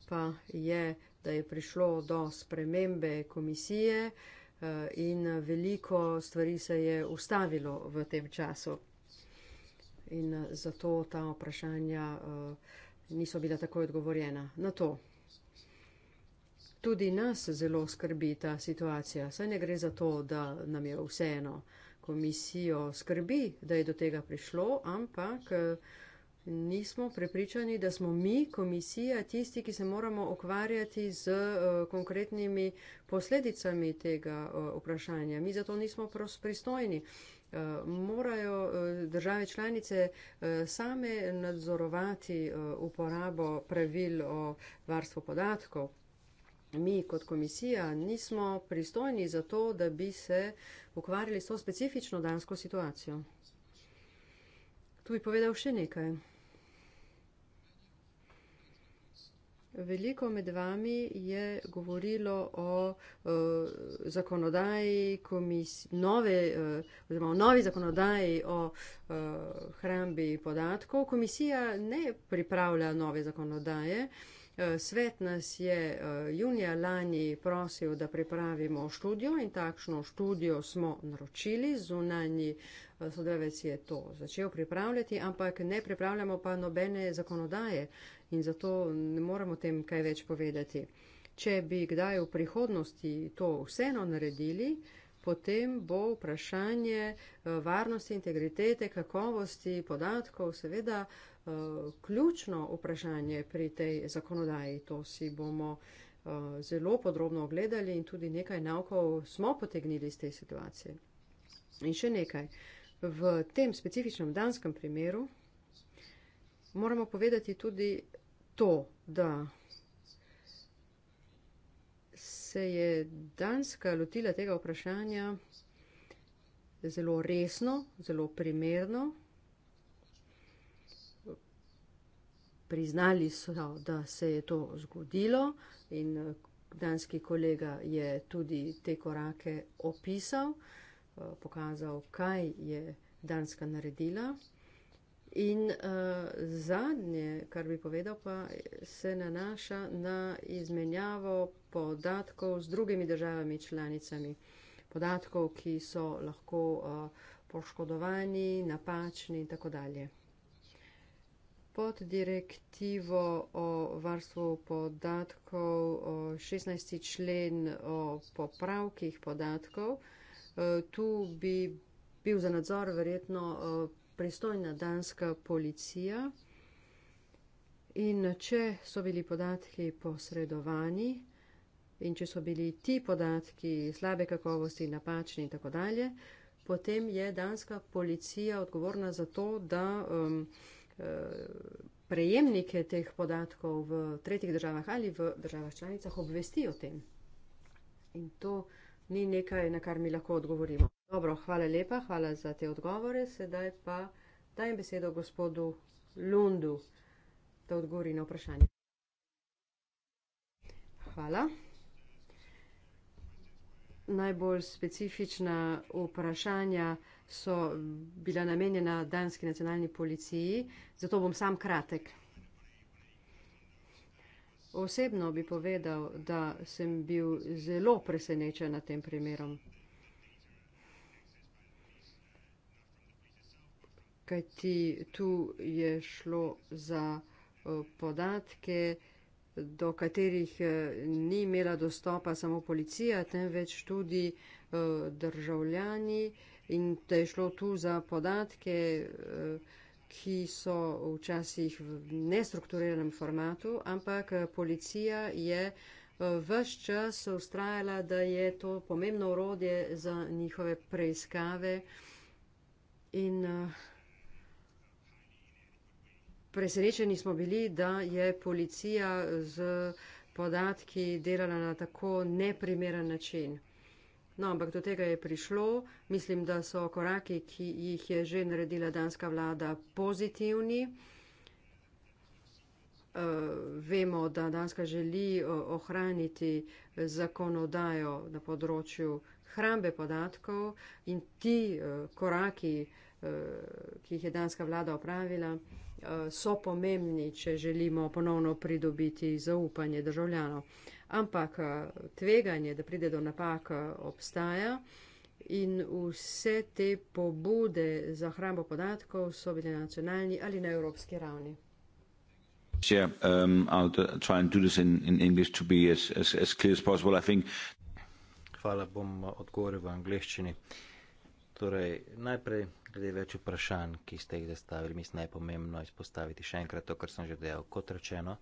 pa je, da je prišlo do spremembe komisije, uh, Eh, in veliko stvari se je ustavilo v tem času. In eh, zato ta vprašanja eh, niso bila tako odgovorjena na to. Tudi nas zelo skrbi ta situacija. Saj ne gre za to, da nam je vseeno komisijo skrbi, da je do tega prišlo, ampak Nismo prepričani, da smo mi, komisija, tisti, ki se moramo ukvarjati z uh, konkretnimi posledicami tega uh, vprašanja. Mi zato nismo pristojni. Uh, morajo uh, države članice uh, same nadzorovati uh, uporabo pravil o varstvu podatkov. Mi kot komisija nismo pristojni za to, da bi se ukvarjali s to specifično dansko situacijo. Tu bi povedal še nekaj. Veliko med vami je govorilo o uh, zakonodaji, komis, nove, uh, oziroma o novi zakonodaji o uh, hrambi podatkov. Komisija ne pripravlja nove zakonodaje, uh, Svet nas je eh, junija lani prosil, da pripravimo študijo in takšno študijo smo naročili. Zunanji eh, sodelavec je to začel pripravljati, ampak ne pripravljamo pa nobene zakonodaje in zato ne moremo tem kaj več povedati. Če bi kdaj v prihodnosti to vseeno naredili, potem bo vprašanje eh, varnosti, integritete, kakovosti podatkov seveda uh, Eh, ključno vprašanje pri tej zakonodaji. To si bomo eh, zelo podrobno ogledali in tudi nekaj naukov smo potegnili iz te situacije. In še nekaj. V tem specifičnem danskem primeru moramo povedati tudi to, da se je Danska lotila tega vprašanja zelo resno, zelo primerno priznali so, da se je to zgodilo in eh, danski kolega je tudi te korake opisal, eh, pokazal, kaj je Danska naredila. In uh, zadnje, kar bi povedal, pa se nanaša na izmenjavo podatkov z drugimi državami članicami. Podatkov, ki so lahko uh, poškodovani, napačni in tako dalje pod direktivo o varstvu podatkov 16. člen o popravkih podatkov. E, tu bi bil za nadzor verjetno e, pristojna danska policija. In če so bili podatki posredovani in če so bili ti podatki slabe kakovosti, napačni in tako dalje, potem je danska policija odgovorna za to, da um, prejemnike teh podatkov v tretjih državah ali v državah članicah obvesti o tem. In to ni nekaj, na kar mi lahko odgovorimo. Dobro, hvala lepa, hvala za te odgovore. Sedaj pa dajem besedo gospodu Lundu, da odgovori na vprašanje. Hvala. Najbolj specifična vprašanja so bila namenjena danski nacionalni policiji, zato bom sam kratek. Osebno bi povedal, da sem bil zelo presenečen nad tem primerom. Kaj ti tu je šlo za podatke, do katerih e, ni imela dostopa samo policija, temveč tudi e, državljani, in da je šlo tu za podatke, eh, ki so včasih v nestrukturiranem formatu, ampak eh, policija je eh, vse čas ustrajala, da je to pomembno urodje za njihove preiskave in presrečeni smo bili, da je policija z podatki delala na tako neprimeren način. No, ampak do tega je prišlo. Mislim, da so koraki, ki jih je že naredila danska vlada, pozitivni. Eh, vemo, da danska želi ohraniti zakonodajo na področju hrambe podatkov in ti eh, koraki, eh, ki jih je danska vlada opravila, so pomembni, če želimo ponovno pridobiti zaupanje državljanov ampak eh, tveganje, da pride do napak, eh, obstaja. In vse te pobude za hrambo podatkov so bile na nacionalni ali na evropski ravni. Um, Hvala, bom eh, odgovoril v angliščini. Torej, najprej glede več vprašanj, ki ste jih zastavili, mislim najpomembno izpostaviti še enkrat to, kar sem že dejal. Kot rečeno,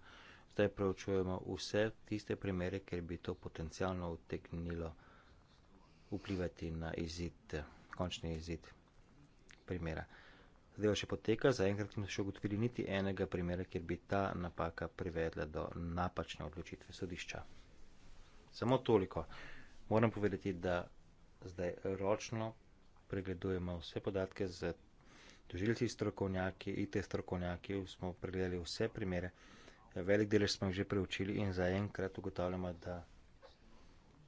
zdaj preučujemo vse tiste primere, ker bi to potencialno utegnilo vplivati na izid, končni izid primera. Zdaj še poteka, zaenkrat smo še ugotovili niti enega primera, kjer bi ta napaka privedla do napačne odločitve sodišča. Samo toliko. Moram povedati, da zdaj ročno pregledujemo vse podatke z tožilci, strokovnjaki, IT strokovnjaki, smo pregledali vse primere. Velik delež smo jih že preučili in zaenkrat ugotavljamo, da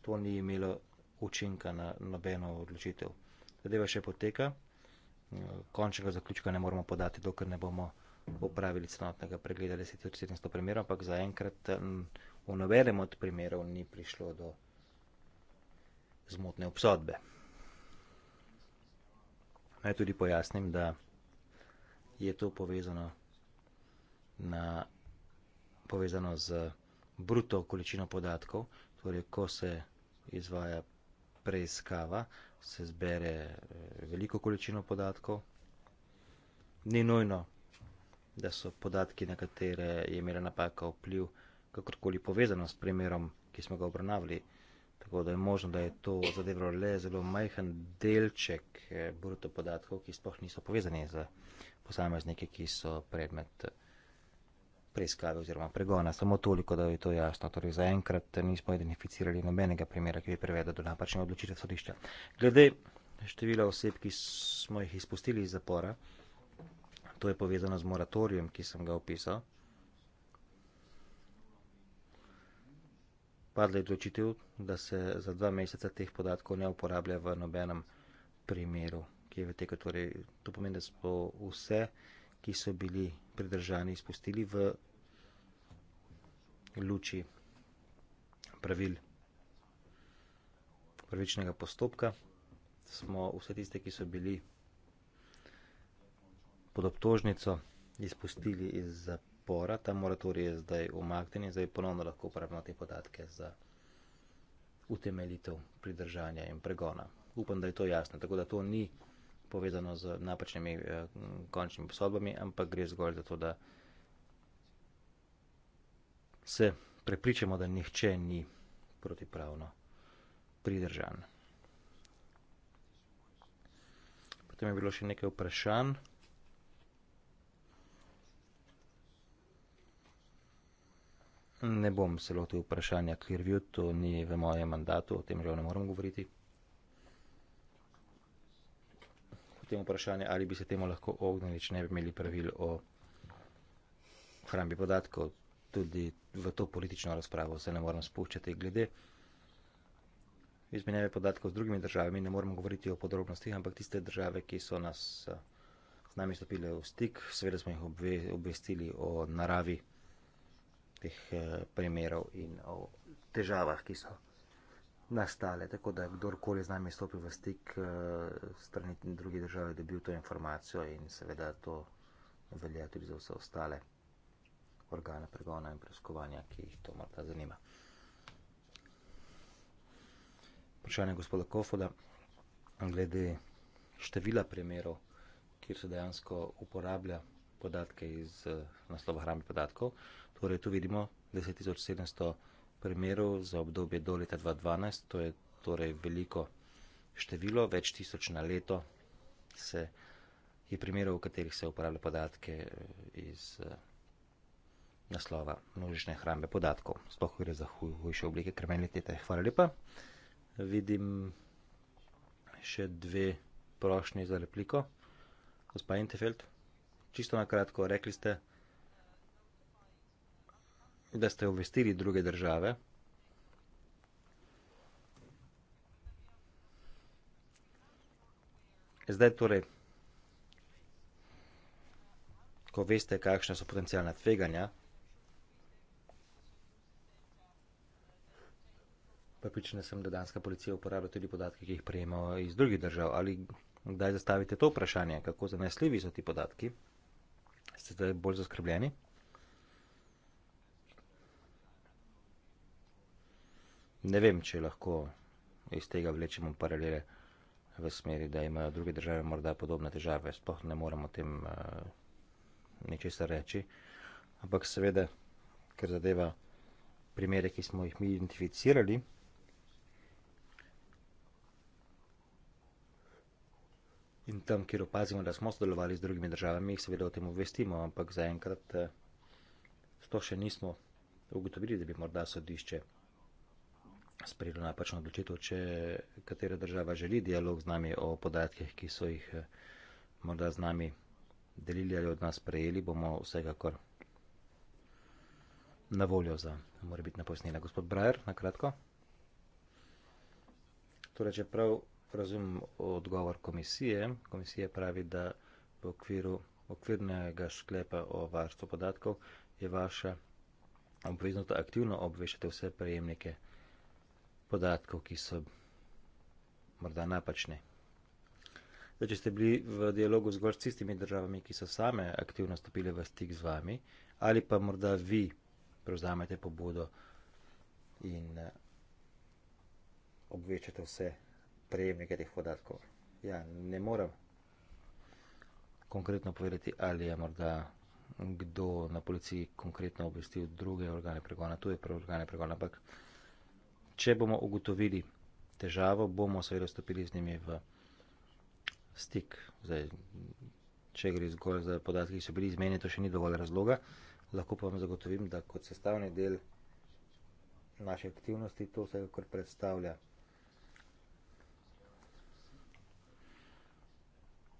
to ni imelo učinka na nobeno odločitev. Zadeva še poteka, končnega zaključka ne moramo podati, dokler ne bomo opravili celotnega pregleda 10.400 primerov, ampak zaenkrat v novem od primerov ni prišlo do zmotne obsodbe. Naj tudi pojasnim, da je to povezano na povezano z bruto količino podatkov, torej ko se izvaja preiskava, se zbere eh, veliko količino podatkov. Ni nujno, da so podatki, na katere je imela napaka vpliv, kakorkoli povezano s primerom, ki smo ga obravnavali. Tako da je možno, da je to zadevalo le zelo majhen delček eh, bruto podatkov, ki sploh niso povezani z posamezniki, ki so predmet preiskave oziroma pregona. Samo toliko, da je to jasno. Torej, zaenkrat nismo identificirali nobenega primera, ki bi prevedel do napačne odločitve sodišča. Glede števila oseb, ki smo jih izpustili iz zapora, to je povezano z moratorijem, ki sem ga opisal. Padla je odločitev, da se za dva meseca teh podatkov ne uporablja v nobenem primeru, ki je v teku. Torej, to pomeni, da smo vse ki so bili pridržani, izpustili v luči pravil pravičnega postopka, smo vse tiste, ki so bili pod obtožnico, izpustili iz zapora. Ta moratorij je zdaj umaknjen in zdaj ponovno lahko uporabljamo te podatke za utemeljitev pridržanja in pregona. Upam, da je to jasno. Tako da to ni povezano z napačnimi eh, končnimi posodbami, ampak gre zgolj za to, da se prepričamo, da nihče ni protipravno pridržan. Potem je bilo še nekaj vprašanj. Ne bom se lotil vprašanja Clearview, to ni v mojem mandatu, o tem žal ne morem govoriti. potem vprašanje, ali bi se temu lahko ognili, če ne bi imeli pravil o hrambi podatkov. Tudi v to politično razpravo se ne moram spuščati glede izmenjave podatkov z drugimi državami. Ne moram govoriti o podrobnostih, ampak tiste države, ki so nas z nami stopile v stik, seveda smo jih obve, obvestili o naravi teh eh, primerov in o težavah, ki so nastale. Tako da kdorkoli z nami stopi v stik eh, strani druge države, da bi bil to informacijo in seveda to velja tudi za vse ostale organe pregona in preiskovanja, ki jih to morda zanima. Vprašanje gospoda Kofoda glede števila primerov, kjer se dejansko uporablja podatke iz eh, naslova hrame podatkov. Torej, tu vidimo 10700 primerov za obdobje do leta 2012, to je torej veliko število, več tisoč na leto se, je primerov, v katerih se uporabljajo podatke eh, iz eh, naslova množične hrambe podatkov. Sploh gre za huj, hujše oblike kriminalitete. Hvala lepa. Vidim še dve prošnje za repliko. Gospa Intefeld, čisto na kratko, rekli ste, da ste obvestili druge države. Zdaj torej, ko veste, kakšna so potencijalna tveganja, pa pričane sem, da danska policija uporablja tudi podatke, ki jih prejemajo iz drugih držav, ali kdaj zastavite to vprašanje, kako zanesljivi so ti podatki, ste zdaj bolj zaskrbljeni? ne vem, če lahko iz tega vlečemo paralele v smeri, da imajo druge države morda podobne težave. Sploh ne moremo o tem eh, ničesar reči. Ampak seveda, ker zadeva primere, ki smo jih mi identificirali, in tam, kjer opazimo, da smo sodelovali z drugimi državami, jih seveda o tem obvestimo, ampak zaenkrat to eh, še nismo ugotovili, da bi morda sodišče sprejelo napačno odločitev, če katera država želi dialog z nami o podatkih, ki so jih eh, morda z nami delili ali od nas prejeli, bomo vsega kar na voljo za, mora biti napojsnila. Gospod Brajer, na kratko. Torej, če prav razumem odgovor komisije, komisija pravi, da v okviru okvirnega sklepa o varstvu podatkov je vaša obveznost aktivno obveščati vse prejemnike podatkov podatkov, ki so morda napačne. Zdaj, če ste bili v dialogu zgolj s tistimi državami, ki so same aktivno stopile v stik z vami, ali pa morda vi prevzamete pobudo in eh, obvečate vse prejemnike teh podatkov. Ja, ne morem konkretno povedati, ali je morda kdo na policiji konkretno obvestil druge organe pregona, tu je prav organe pregona, ampak če bomo ugotovili težavo, bomo seveda stopili z njimi v stik. Zdaj, če gre zgolj za podatke, ki so bili izmenjeni, to še ni dovolj razloga. Lahko pa vam zagotovim, da kot sestavni del naše aktivnosti to vse, kar predstavlja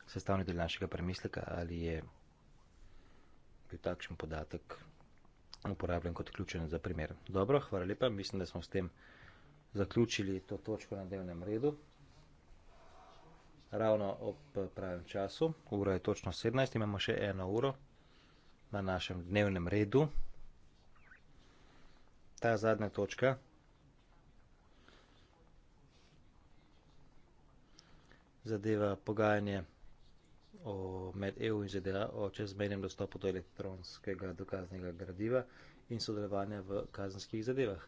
sestavni del našega premisleka, ali je bil takšen podatek uporabljen kot ključen za primer. Dobro, hvala lepa, mislim, da smo s tem zaključili to točko na dnevnem redu. Ravno ob pravem času, ura je točno 17, imamo še eno uro na našem dnevnem redu. Ta zadnja točka zadeva pogajanje o med EU in ZDA o čezmenjem dostopu do elektronskega dokaznega gradiva in sodelovanja v kazenskih zadevah.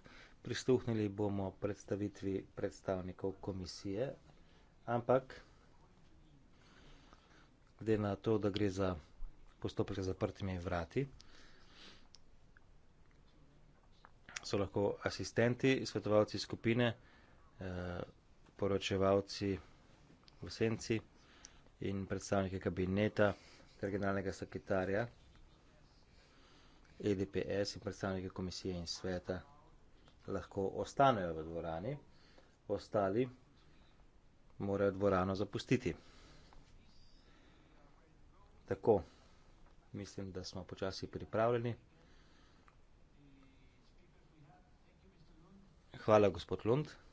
Prisluhnili bomo predstavitvi predstavnikov komisije, ampak glede na to, da gre za postopek za zaprtimi vrati, so lahko asistenti, svetovalci skupine, eh, poročevalci v senci in predstavniki kabineta ter generalnega sekretarja EDPS in predstavniki komisije in sveta lahko ostanejo v dvorani, ostali morajo dvorano zapustiti. Tako, mislim, da smo počasi pripravljeni. Hvala, gospod Lund.